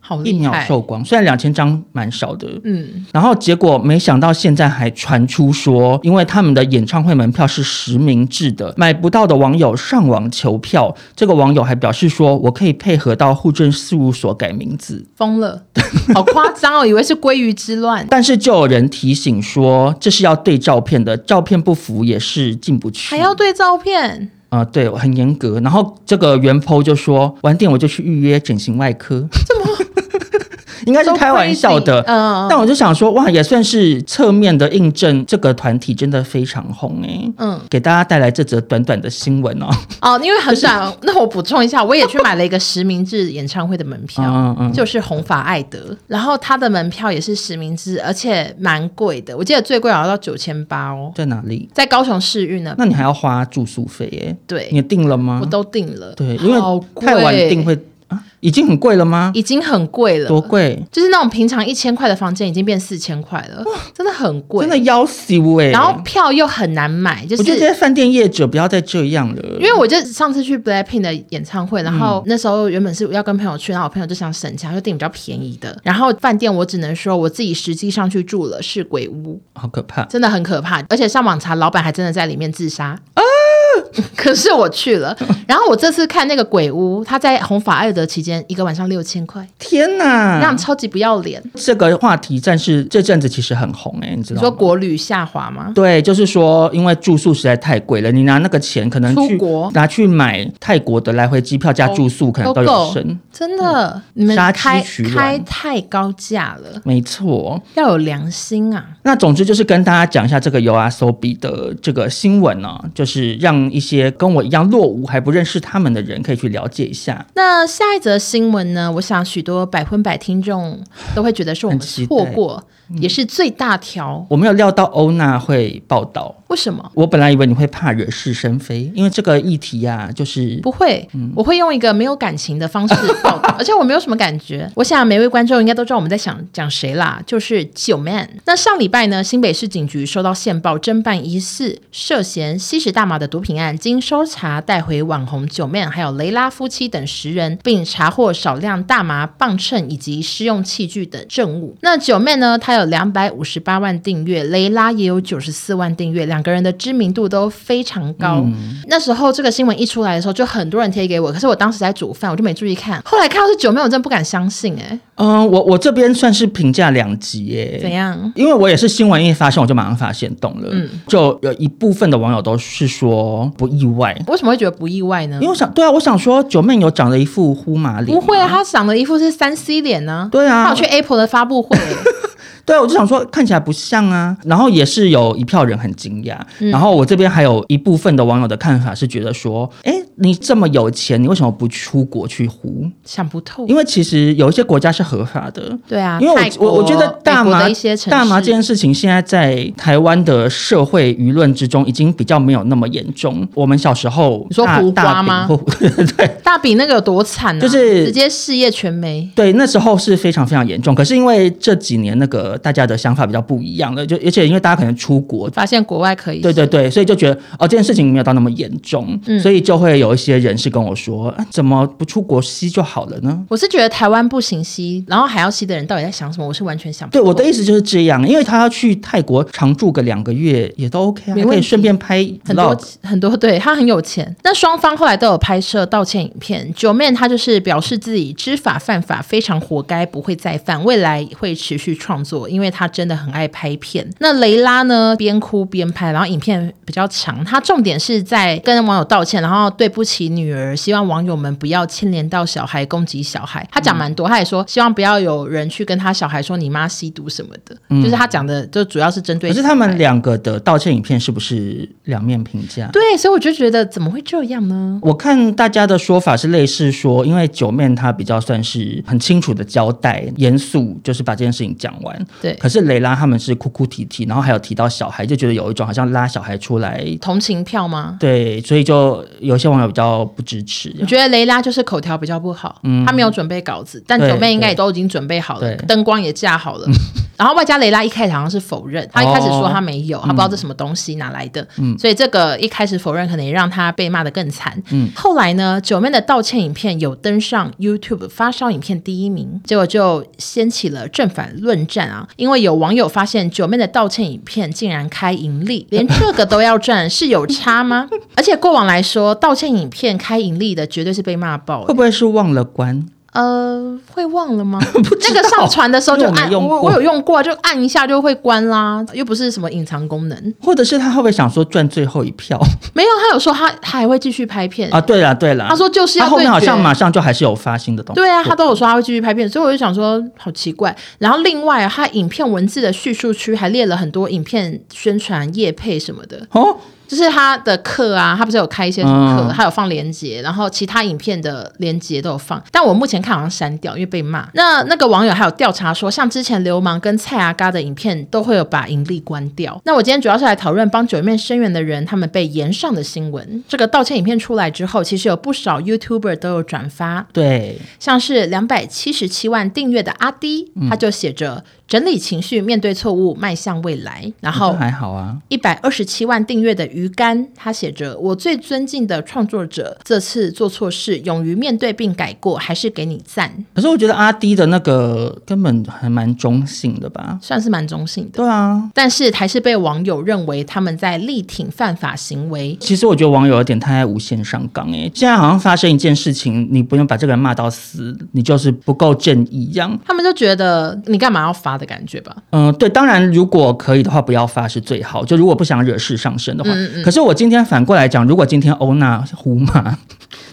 B: 好厲害！一秒售光，雖然兩千張蠻少的，嗯。然後結果沒想到，現在還傳出說，因為他們的演唱會門票是實名制的，買不到的網友上網求票。這個網友還表示說，我可以配合到戶政事務所改名字。
A: 瘋了，好誇張哦！ 以為是鮭魚之亂，
B: 但是就有人提醒說，這是要對照片的，照片不符也是進不去，還
A: 要對照片。
B: 啊、呃，對，很嚴格。然後這個原 PO 就說晚點我就去預約整形外科。怎麼？ 應該是開玩笑的，嗯、so uh, 但我就想說，哇，也算是側面的印證，這個團體真的非常紅哎、欸。嗯、uh,，給大家帶來這則短短的新聞哦、喔。
A: 哦、uh,，因為很爽、就是。那我補充一下，我也去買了一個實名制演唱會的門票，
B: 嗯、uh, 嗯、uh, uh, 就是
A: 紅髮艾德，然後他的門票也是實名制，而且蠻貴的，我記得最貴要到九千八哦。在哪裡？在高雄世運呢。那你還
B: 要花住宿費哎、欸？對。你訂了嗎？我
A: 都訂了。
B: 對，因為太晚訂會。啊、已經很貴了嗎？
A: 已經很貴了，多貴？就是那種平常一千塊的房間，已經變四千塊了、哦，真的很
B: 貴，真的要死哎！然後
A: 票又很難買，就是我覺得
B: 飯店業者不要再這樣了，因為我
A: 就上次去 Blackpink 的演唱會，然後那時候原本是要跟朋友去，然後我朋友就想省錢，就訂比較便宜的，然後飯店我只能說我自己實際上去住了是鬼屋，
B: 好可怕，真
A: 的很可怕，而且上網查，老闆還真的在裡面自殺。嗯 可是我去了，然後我這次看那個鬼屋，他在紅法二德期間一個晚上六千塊，
B: 天哪，那
A: 超級不要臉。
B: 這個話題暫時，但是這陣子其實很紅哎、欸，你知道？說
A: 國旅下滑嗎？
B: 對，就是說因為住宿實在太貴了，你拿那個錢可能去出國拿去買泰國的來回機票加住宿，可能都有剩。
A: Oh, 真的，你們開殺雞取卵開太高價了，
B: 沒錯，
A: 要有良心啊。
B: 那總之就是跟大家講一下這個 YOASOBI 的這個新聞呢、啊，就是讓。一些跟我一樣落伍還不認識他們的人，可以去了解一下。
A: 那下一則新聞呢？我想許多百分百聽眾都會覺得是我們錯過，也是最大條、
B: 嗯。我沒有料到歐娜會報道。為什麼？我本來以為你會怕惹是生非，因為這個議題啊，就是不
A: 會，嗯，我會用一個沒有感情的方式報道。 而且我沒有什麼感覺。我想每位觀眾應該都知道我們在想講誰啦，就是 Joeman。那上禮拜呢，新北市警局收到線報，偵辦疑似涉嫌吸食大麻的毒品案，經搜查帶回網紅 Joeman，還有蕾拉夫妻等十人，並查獲少量大麻磅秤以及試用器具等證物。那 Joeman 呢，他有兩百五十八萬訂閱，蕾拉也有九十四萬訂閱，兩個人的知名度都非常高、嗯。那時候這個新聞一出來的時候，就很多人貼給我。可是我當時在煮飯，我就沒注意看。後來看到是九妹，我真的不敢相信哎、欸。嗯，
B: 我我這邊算是評價兩極哎、欸。怎樣？因為我也是新聞一發現，我就馬上發現懂了。嗯，就有一部分的網友都是說不意外。
A: 為什麼會覺得不意外呢？
B: 因為我想對啊，我想說九妹有長了一副呼麻臉、啊，不會
A: 啊，她長了一副是三 C 臉呢、啊。對啊，她有去 Apple 的發布會。
B: 對啊，我就想說看起來不像啊。然後也是有一票人很驚訝。然後我這邊還有一部分的網友的看法是覺得說，哎，你這麼有錢，你為什麼不出國去胡？
A: 想不透，因為
B: 其實有一些國家是合法的。
A: 對啊，因為我我覺得大麻的一些大麻這件事
B: 情，現在在台灣的社會輿論之中已經比較沒有那麼嚴重。我們小時候你說胡大餅嗎？ 對，
A: 大餅那個有多慘、啊？就是直接事業全沒。
B: 對，那時候是非常非常嚴重。可是因為這幾年那個大家的想法比較不一樣了，就而且因為大家可能出國，發
A: 現國外。可以，
B: 對對對，所以就覺得哦這件事情沒有到那麼嚴重，嗯，所以就會有一些人是跟我說，怎麼不出國吸就好了呢？
A: 我是覺得台灣不行吸，然後還要吸的人到底在想什麼？我是完全想不對。我的
B: 意思就是這樣，因為他要去泰國常住個兩個月也都 OK，、啊、可以順便拍很多
A: 很多。很多對他很有錢。那雙方後來都有拍攝道歉影片。Joeman 他就是表示自己知法犯法，非常活該，不會再犯，未來會持續創作，因為他真的很愛拍片。那雷拉呢，邊哭邊拍。然後影片比較長，他重點是在跟網友道歉，然後對不起女兒，希望網友們不要牽連到小孩、攻擊小孩。他講蠻多，他也說希望不要有人去跟他小孩說你媽吸毒什麼的，嗯、就是他講的，就主要是針對。可是他們
B: 兩個的道歉影片是不是兩面評價？
A: 對，所以我就覺得怎麼會這樣呢？
B: 我看大家的說法是類似說，因為 Joeman 他比較算是很清楚的交代，嚴肅就是把這件事情講完。嗯、對，可是蕾拉他們是哭哭啼啼，然後還有提到小孩，就覺得有一種。好像拉小孩出來
A: 同情票嗎？
B: 對，所以就有些網友比較不支持。我覺
A: 得雷拉就是口條比較不好，嗯，他沒有準備稿子，但準備應該也都已經準備好了，燈光也架好了。 然後外加雷拉一開始好像是否認，哦、他一開始說他沒有、嗯，他不知道這什麼東西哪來的，嗯、所以這個一開始否認可能也讓他被罵得更慘。嗯，後來呢，Joeman 的道歉影片有登上 YouTube 發燒影片第一名，結果就掀起了正反論戰啊！因為有網友發現 Joeman 的道歉影片竟然開盈利，連這個都要賺，是有差嗎？ 而且過往來說，道歉影片開盈利的絕對是被罵爆、欸，
B: 會不會是忘了關？
A: 呃，會忘了嗎？ 那個上傳的時候就按我，我，我有用過，就按一下就會關啦，又不是什麼隱藏功能。
B: 或者是他會不會想說賺最後一票？
A: 沒有，他有說他他還會繼續拍片啊。
B: 對啦，對啦，他說就是要對，他後面好像馬上就還是有發新的東西。對啊，他都有
A: 說他會繼續拍片，所以我就想說好奇怪。然後另外，他影片文字的敘述區還列了很多影片宣傳業配什麼的哦。就是他的課啊，他不是有開一些課，他、嗯、有放鏈接，然後其他影片的鏈接都有放，但我目前看好像刪掉，因為被罵。那那個網友還有調查說，像之前流氓跟蔡阿嘎的影片都會有把盈利關掉、嗯。那我今天主要是來討論幫 Joeman 聲援的人，他們被炎上的新聞。這個道歉影片出來之後，其實有不少 YouTuber 都有轉發，
B: 對，
A: 像是兩百七十七萬訂閱的阿滴，他就寫着。嗯整理情緒，面對錯誤，邁向未來。然後
B: 還好啊，
A: 一百二十七萬訂閱的魚乾，他寫着：“我最尊敬的創作者，這次做錯事，勇於面對並改過，還是給你讚。”
B: 可是我覺得阿滴的那個根本還蠻中性的吧，
A: 算是蠻中性的。對啊，但是還是被網友認為他們在力挺犯法行為。
B: 其實我覺得網友有點太無限上綱誒、欸，現在好像發生一件事情，你不用把這個人罵到死，你就是不夠正義一樣。
A: 他們就覺得你幹嘛要發？的感覺吧，嗯，
B: 對，當然如果可以的話，不要發是最好，就如果不想惹事上身的話，嗯嗯，可是我今天反過來講，如果今天歐娜胡嘛。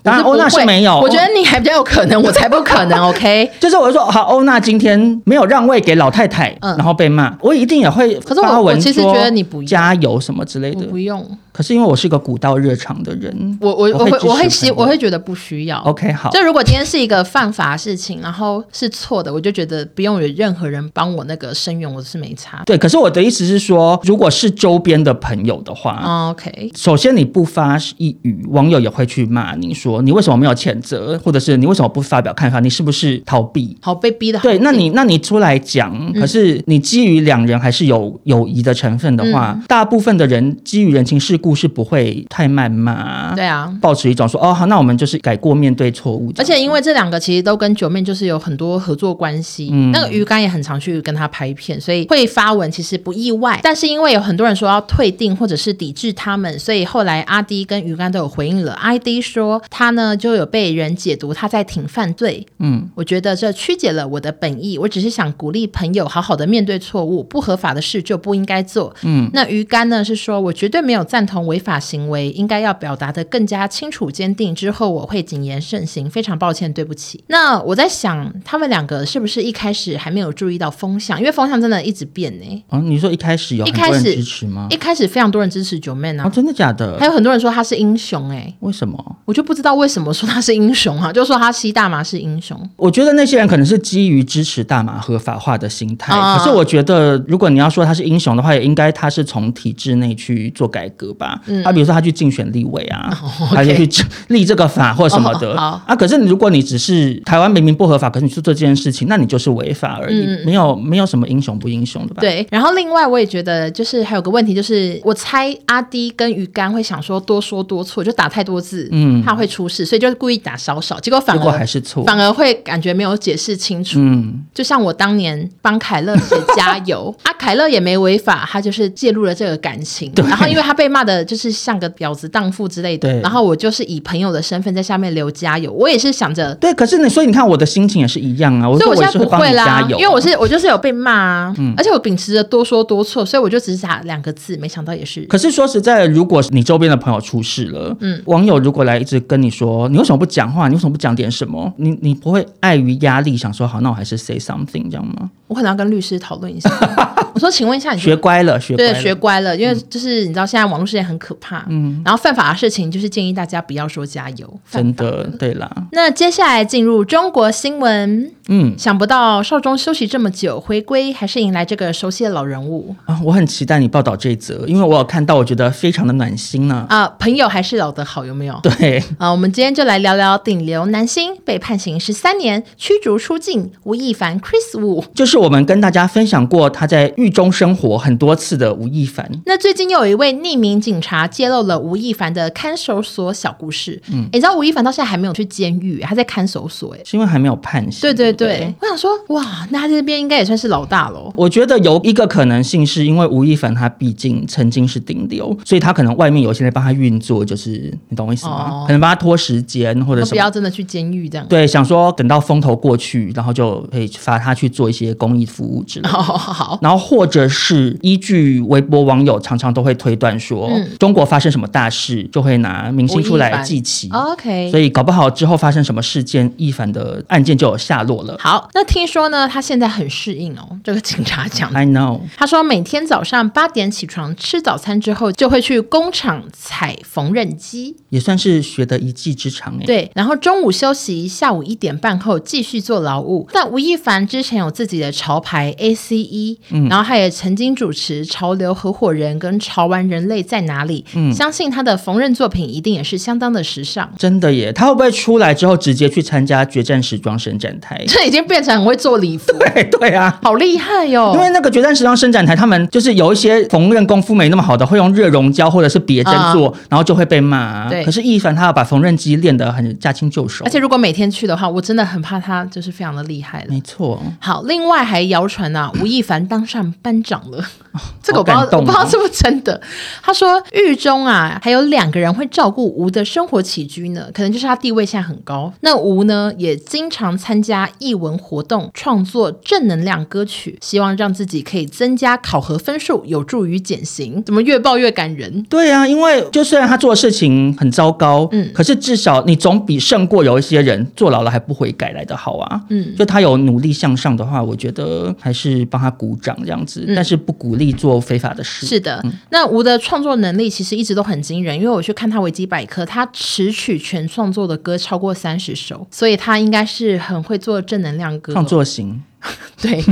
A: 當然、啊，歐娜是沒有。我覺得你
B: 還比較有可能，哦、我才不可能。 OK，就是我說，好，歐娜今天沒有讓位給老太太，嗯、然後被罵，我一定也會發文、嗯。可是我，我其實覺得你不用加油什麼之類的，不用。可是因為我是一個古道熱腸的人，
A: 我我我會我會希我，我會覺得不需要。OK，好。就如果今天是一個犯法的事情，然後是錯的，我就覺得不用有任何人幫我那個聲援，我是沒差。對，可
B: 是我的意思是說，如果是周邊的朋友的話、嗯、
A: OK。
B: 首先你不發一語，網友也會去罵你說。你為什麼沒有譴責，或者是你為什麼不發表看法？你是不是逃避？好被逼的對，那你那你出來講、嗯，可是你基於兩人還是有友誼的成分的話、嗯，大部分的人基於人情世故是不會太謾罵。對、嗯、啊，抱持一種說哦好，那我們就是改過面對錯誤、
A: 啊。而且因為這兩個其實都跟九妹就是有很多合作關係、嗯，那個魚乾也很常去跟他拍片，所以會發文其實不意外。但是因為有很多人說要退訂或者是抵制他們，所以後來阿滴跟魚乾都有回應了。阿滴說。他呢就有被人解讀他在挺犯罪，嗯，我覺得這曲解了我的本意。我只是想鼓勵朋友好好的面對錯誤，不合法的事就不應該做。嗯，那魚乾呢是說我絕對沒有贊同違法行為，應該要表達的更加清楚堅定。之後我會謹言慎行，非常抱歉，對不起。那我在想，他們兩個是不是一開始還沒有注意到風向？因為風向真的一直變呢、欸。哦、
B: 啊，你說一開始有很多人，一開始支持嗎？一開
A: 始非常多人支持 Joeman 呢，哦、啊，
B: 真的假的？還有很多
A: 人說他是英雄、欸，哎，
B: 為什麼？
A: 我就不知道。那為什麼說他是英雄哈、啊，就說他吸大麻是英雄？
B: 我覺得那些人可能是基於支持大麻合法化的心態、嗯。可是我覺得，如果你要說他是英雄的話，也應該他是從體制內去做改革吧？他、嗯啊、比如說他去競選立委啊，他、哦、就、okay、去立這個法或什麼的、哦、好啊。可是如果你只是台灣明明不合法，可是你去做這件事情，那你就是違法而已，嗯、沒有沒有什麼英雄不英雄的吧？對。
A: 然後另外我也覺得，就是還有個問題，就是我猜阿 D 跟魚竿會想說多說多錯，就打太多字，嗯，他會出。出事，所以就是故意打少少，結果反而，還是錯，反而會感覺沒有解釋清楚。嗯，就像我當年幫凱樂也加油， 啊，凱樂也沒違法，他就是介入了這個感情。對。然後因為他被罵的，就是像個婊子蕩婦之類的。對。然後我就是以朋友的身份在下面留加油，我也是想着。
B: 對，可是你所以你看我的心情也是一樣啊。所以我現在不會啦，會因為我
A: 是我就是有被罵啊、嗯，而且我秉持着多說多錯，所以我就只是打兩個字，沒想到也是。可
B: 是說實在，如果你周邊的朋友出事了，嗯，網友如果來一直跟你。你說你為什麼不講話？你為什麼不講點什麼？你你不會礙於壓力想說好？那我還是 say something 這樣嗎？
A: 我可能要跟律師討論一下。 我說，請問一下你，你學
B: 乖了，學了對，學乖
A: 了，因為就是你知道，現在網絡世界很可怕，嗯，然後犯法的事情，就是建議大家不要說加油，
B: 真的，的，對了，
A: 那接下來進入中國新聞，
B: 嗯，想
A: 不到劭中休息這麼久，回歸還是迎來這個熟悉的老人物
B: 啊，我很期待你報道這一則，因為我有看到，我覺得非常的暖心呢啊，
A: 啊，朋友還是老的好，有沒有？對啊，我們今天就來聊聊頂流男星被判刑十三年，驅逐出境，吳亦凡 Chris Wu，
B: 就是我們跟大家分享過他在獄。中生活很多次的吳亦凡，那
A: 最近又有一位匿名警察揭露了吳亦凡的看守所小故事。嗯，你知道吳亦凡到現在還沒有去監獄，他在看守所哎，
B: 是因為還沒有判刑。對
A: 對對，對對，我想說哇，那他這邊應該也算是老大嘍。
B: 我覺得有一個可能性是因為吳亦凡他畢竟曾經是頂流，所以他可能外面有些人幫他運作，就是你懂我意思嗎、哦？可能幫他拖時間，或者是不要
A: 真的去監獄這樣。
B: 對，想說等到風頭過去，然後就可以發他去做一些公益服務之類的、哦。好好好，然後或。或者是依據微博網友常常都會推斷說、嗯，中國發生什麼大事就會拿明星出來祭旗。
A: Oh, OK，所以
B: 搞不好之後發生什麼事件，亦凡的案件就有下落了。好，
A: 那聽說呢，他現在很適應哦，這個警察講的。I know，他說每天早上八點起床吃早餐之後，就會去工廠踩縫紉機，
B: 也算是學得一技之長哎、欸。對，
A: 然後中午休息，下午一點半後繼續做勞務。但吳亦凡之前有自己的潮牌 ACE，嗯，然後。他也曾經主持《潮流合夥人》跟《潮玩人類在哪裡》，嗯，相信他的縫紉作品一定也是相當的
B: 時尚。真的耶，他會不會出來之後直接去參加《決戰時裝伸展台？》 這已經變成很會做禮服。對對啊，好厲害喲、哦！因為那個《決戰時裝伸展台》，他們就是有一些縫紉功夫沒那麼好的，會用熱熔膠或者是別針做、嗯，然後就會被罵。對，可是亦凡他要把縫紉機練得很駕輕就熟。而且如
A: 果每天去的話，我真的很怕他就是非常的厲害。
B: 沒錯。
A: 好，另外還謠傳啊，吳亦凡當上。班長了，
B: 哦啊、這個我不知道，我不知道是
A: 不是真的。他說，獄中啊，還有兩個人會照顧吳的生活起居呢，可能就是他地位現在很高。那吳呢，也經常參加藝文活動，創作正能量歌曲，希望讓自己可以增加考核分數，有助於減刑。怎麼越報越感人？
B: 對啊，因為就雖然他做的事情很糟糕，嗯，可是至少你總比勝過有一些人坐牢了還不悔改來的好啊。嗯，就他有努力向上的話，我覺得還是幫他鼓掌這樣。嗯、但是不鼓勵做非法的事。是的。嗯，
A: 那吳的創作能力其實一直都很驚人，因為我去看他維基百科，他詞曲全創作的歌超過三十首，所以他應該是很會做正能量歌，哦，創作
B: 型。 對，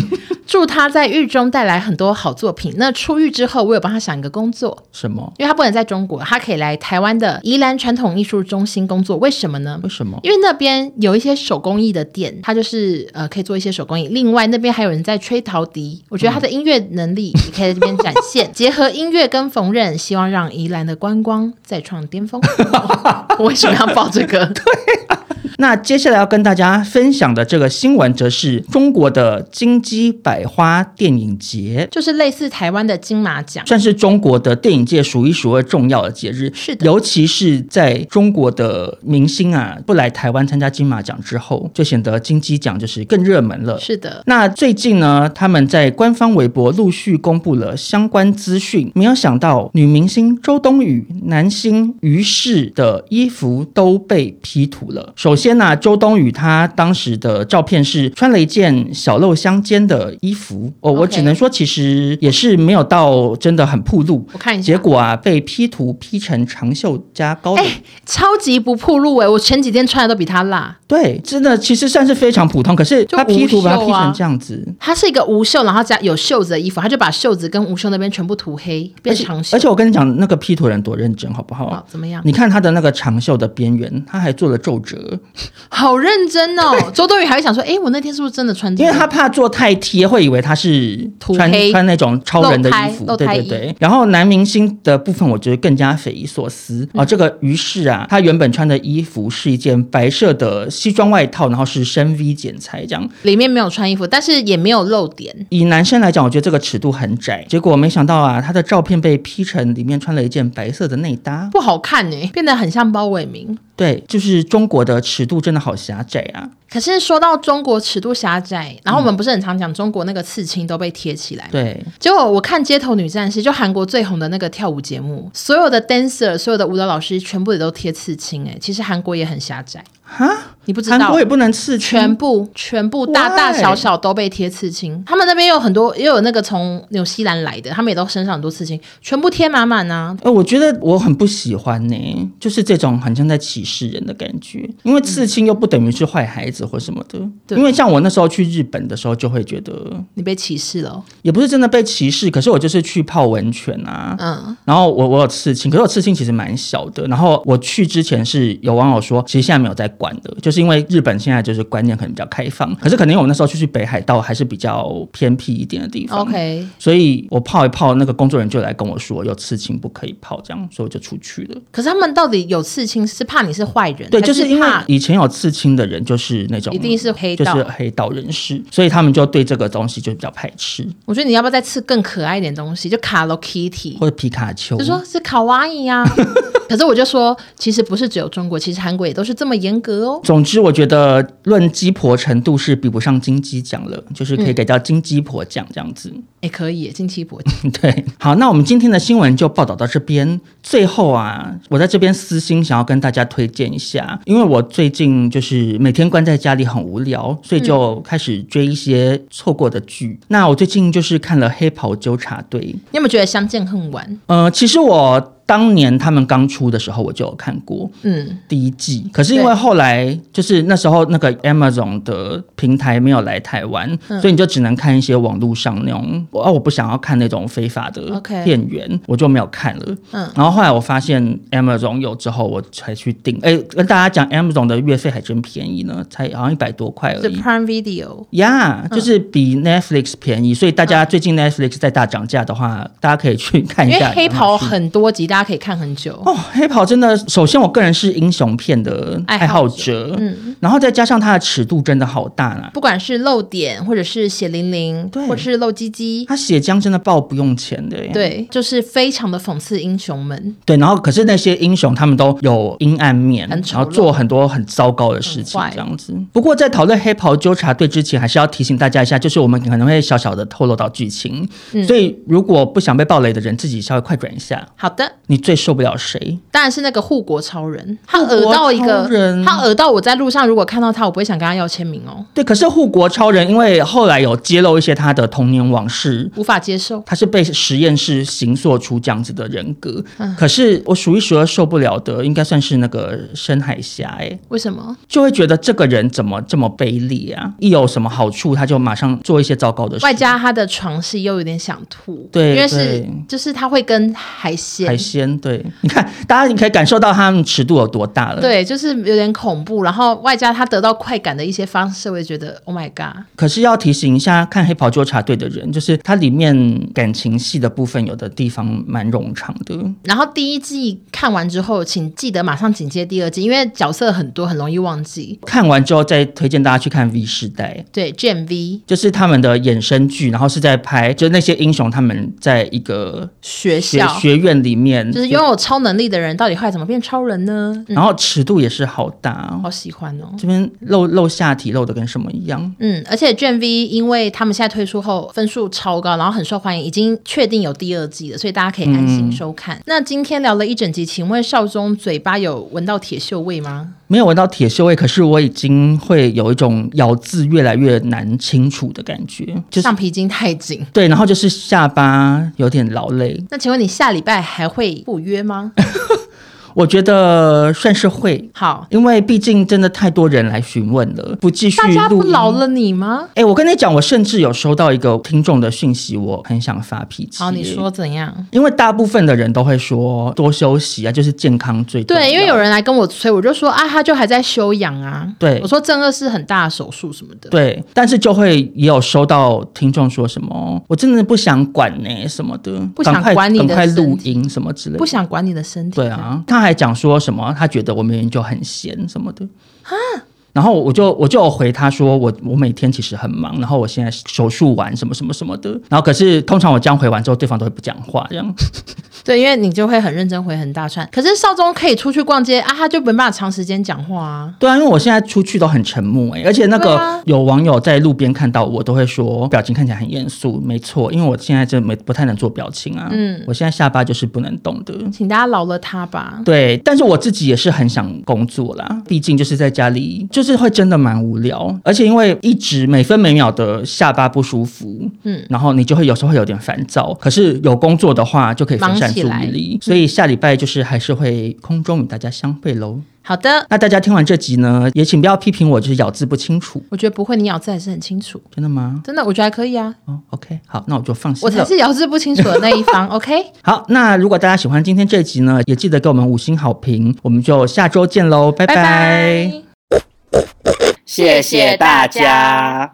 A: 祝他在獄中帶來很多好作品。那出獄之後，我有幫他想一個工作。
B: 什麼？因為
A: 他不能在中國，他可以來台灣的宜蘭傳統藝術中心工作。為什麼呢？為什麼？因為那邊有一些手工藝的店，他就是呃可以做一些手工藝。另外，那邊還有人在吹陶笛，我覺得他的音樂能力也可以在這邊展現，嗯、 結合音樂跟縫紉，希望讓宜蘭的觀光再創巔峰。 我為什麼要報這個？
B: 對、啊。那接下來要跟大家分享的這個新聞，則是中國的。的金雞百花電影節
A: 就是類似台灣的金馬
B: 獎，算是中國的電影界數一數二重要的節日。是的，尤其是在中國的明星啊不來台灣參加金馬獎之後，就顯得金雞獎就是更熱門了。是的，那最近呢，他們在官方微博陸續公布了相關資訊，沒有想到女明星周冬雨、男星於適的衣服都被 P 圖了。首先呢、啊，周冬雨她當時的照片是穿了一件，小露香肩的衣服哦，我只能說其實也是沒有到真的很曝露。我看一下，結果啊被 P 圖 P 成長袖加高。哎、欸，
A: 超級不曝露哎、欸！我前幾天穿的都比他辣。
B: 對，真的其實算是非常普通，可是他 P 圖把它 P 成這樣子。
A: 它、啊、是一個無袖，然後加有袖子的衣服，他就把袖子跟無袖那邊全部塗黑，變長袖。而且，而且
B: 我跟你講，那個 P 圖人多認真好不好、哦？怎麼樣？你看他的那個長袖的邊緣，他還做了皺褶，
A: 好認真哦。周冬雨還會想說，哎、欸，我那天是不是真的穿這樣？他
B: 怕做太貼，會以為他是穿穿那種超人的衣服，對對對。然後男明星的部分，我覺得更加匪夷所思、嗯、啊。這個於是啊，他原本穿的衣服是一件白色的西裝外套，然後是深 V 剪裁，這樣
A: 裡面沒有穿衣服，但是也沒有露點。
B: 以男生來講，我覺得這個尺度很窄。結果沒想到啊，他的照片被 P 成裡面穿了一件白色的內搭，
A: 不好看哎、欸，變得很像包偉銘。
B: 對，就是中國的尺度真的好狹窄啊。
A: 可是說到中國尺度狹窄，然後我們不是很常講中國那個刺青都被貼起來、嗯。對，結果我看街頭女戰士，就韓國最紅的那個跳舞節目，所有的 dancer，所有的舞蹈老師全部也都貼刺青、欸。哎，其實韓國也很狹窄。哈你不知道，韓國也不能刺青，全部全部大大小小都被貼刺青。Why? 他們那邊有很多，也有那個從紐西蘭來的，他們也都身上很多刺青，全部貼滿滿啊。
B: 呃，我覺得我很不喜歡呢、欸，就是這種很像在歧視人的感覺。因為刺青又不等於是壞孩子或什麼的。對、嗯。因為像我那時候去日本的時候，就會覺得
A: 你被歧視了，
B: 也不是真的被歧視，可是我就是去泡溫泉啊，嗯，然後我我有刺青，可是我刺青其實蠻小的。然後我去之前是有網友說，其實現在沒有在管的，就是。因為日本現在就是觀念可能比較開放，可是可能因為我們那時候去去北海道還是比較偏僻一點的地方。OK，所以我泡一泡，那個工作人員就來跟我說，有刺青不可以泡，這樣，所以我就出去了。
A: 可是他們到底有刺青是怕你是壞人？哦？對，是怕就是因為
B: 以前有刺青的人就是那種一定
A: 是黑道，就是
B: 黑道人士，所以他們就對這個東西就比較排斥。
A: 我覺得你要不要再刺更可愛一點東西，就卡洛 kitty 或
B: 者皮卡丘？就說
A: 是卡哇伊呀？ 可是我就說，其實不是只有中國，其實韓國也都是這麼嚴格
B: 哦。總之，我覺得論雞婆程度是比不上金雞獎了，就是可以給到金雞婆獎這樣子。哎、
A: 嗯欸，可以，金雞婆。
B: 對，好，那我們今天的新聞就報道到這邊。最後啊，我在這邊私心想要跟大家推薦一下，因為我最近就是每天關在家裡很無聊，所以就開始追一些錯過的劇、嗯。那我最近就是看了《黑袍糾察隊》，
A: 你有沒有覺得相見恨晚？
B: 呃，其實我。當年他們剛出的時候，我就有看過，嗯，第一季、嗯。可是因為後來就是那時候那個 Amazon 的平台沒有來台灣、嗯，所以你就只能看一些網絡上那種。哦、啊，我不想要看那種非法的片源，okay, 我就沒有看了。嗯，然後後來我發現 Amazon 有之後我，我才去訂。哎，跟大家講，Amazon 的月費還真便宜呢，才好像一百多塊而已。The、
A: Prime Video。
B: Yeah，就是比 Netflix 便宜、嗯，所以大家最近 Netflix 在大漲價的話、嗯，大家可以去看一下有有。因為黑袍很
A: 多集大。大家可以看很久
B: 哦。黑袍真的，首先我個人是英雄片的愛好者，嗯，嗯，然後再加上它的尺度真的好大了、啊，
A: 不管是露點或者是血淋淋，對，或者是露雞雞，他血
B: 漿真的爆不用錢的耶，對，
A: 就是非常的諷刺英雄們，
B: 對，然後可是那些英雄他們都有陰暗面，然後做很多很糟糕的事情，這樣子。不過在討論黑袍糾察隊之前，還是要提醒大家一下，就是我們可能會小小的透露到劇情，嗯、所以如果不想被爆雷的人，自己稍微快轉一下。好的。你最受不了誰？當
A: 然是那個護國超人。護國超人，他惹到我，在路上，如果看到他，我不會想跟他要簽名哦。
B: 對，可是護國超人，因為後來有揭露一些他的童年往事，
A: 無法接受。
B: 他是被實驗室形塑出這樣子的人格。嗯。可是我數一數二受不了的，應該算是那個深海俠。哎，為什麼？就會覺得這個人怎麼這麼卑劣啊！一有什麼好處，他就馬上做一些糟糕的事。外加
A: 他的床戲又有點想吐。對，因為是就是他會跟海鮮。海
B: 鮮。對，你看，大家你可以感受到他們尺度有多大了。對，
A: 就是有點恐怖，然後外加他得到快感的一些方式，我也覺得 Oh my God！
B: 可是要提醒一下看《黑袍糾察隊》的人，就是它裡面感情戲的部分，有的地方蠻冗長的。
A: 然後第一季看完之後，請記得馬上緊接第二季，因為角色很多，很容易忘記。看
B: 完之後再推薦大家去看《V 世代》對。對，Gen V 就是他們的衍生劇，然後是在拍，就是那些英雄他們在一個學校學，學院裡面。就是擁
A: 有超能力的人到底會怎麼變超人呢、嗯？然後
B: 尺度也是好大哦，
A: 好喜歡哦。這邊
B: 露露下體露的跟什麼一樣？
A: 嗯，而且 Gen V，因為他們現在推出後分數超高，然後很受歡迎，已經確定有第二季了，所以大家可以安心收看。嗯、那今天聊了一整集，請問劭中嘴巴有聞到鐵鏽味嗎？
B: 沒有聞到鐵鏽味，可是我已經會有一種咬字越來越難清楚的感覺，就是
A: 橡皮筋太緊。對，
B: 然後就是下巴有點勞累。
A: 那請問你下禮拜還會赴約嗎？
B: 我覺得算是會好，因為畢竟真的太多人來詢問了，不繼續大家不老了
A: 你嗎？
B: 哎、欸，我跟你講，我甚至有收到一個聽眾的訊息，我很想發脾氣、欸。好，你說怎樣？因為大部分的人都會說多休息啊，就是健康最重
A: 要對。因為有人來跟我催，我就說啊，他就還在休養啊。對，我說正顎是很大的手術什麼
B: 的。對，但是就會也有收到聽眾說什麼，我真的不想管呢、欸、什麼的，不想管你的身體，不
A: 想管你的身體。
B: 對啊，他還。在講說什麼，他覺得我們演員就很閒什麼的啊？然後我就我就回他說，我我每天其實很忙，然後我現在手術完什麼什麼什麼的。然後可是通常我這樣回完之後，對方都會不講話這樣。
A: 對，因為你就會很認真回很大串。可是劭中可以出去逛街啊，他就沒辦法長時間講話啊。
B: 對啊，因為我現在出去都很沉默哎、欸，而且那個有網友在路邊看到我都會說表情看起來很嚴肅，沒錯，因為我現在這沒不太能做表情啊。嗯，我現在下巴就是不能動的。
A: 請大家饒了他吧。
B: 對，但是我自己也是很想工作啦，畢竟就是在家裡就是是會真的蠻無聊，而且因為一直每分每秒的下巴不舒服，嗯，然後你就會有時候會有點煩躁。可是有工作的話就可以分散注意力，所以下禮拜就是還是會空中與大家相會嘍。好的，那大家聽完這集呢，也請不要批評我，就是咬字不清楚。
A: 我覺得不會，你咬字還是很清楚。
B: 真的嗎？
A: 真的，我覺得還可以啊。哦
B: ，OK，好，那我就放心了。我才是
A: 咬字不清楚的那一方 ，OK？
B: 好，那如果大家喜歡今天這集呢，也記得給我們五星好評，我們就下周見嘍，拜拜。拜拜謝謝大家。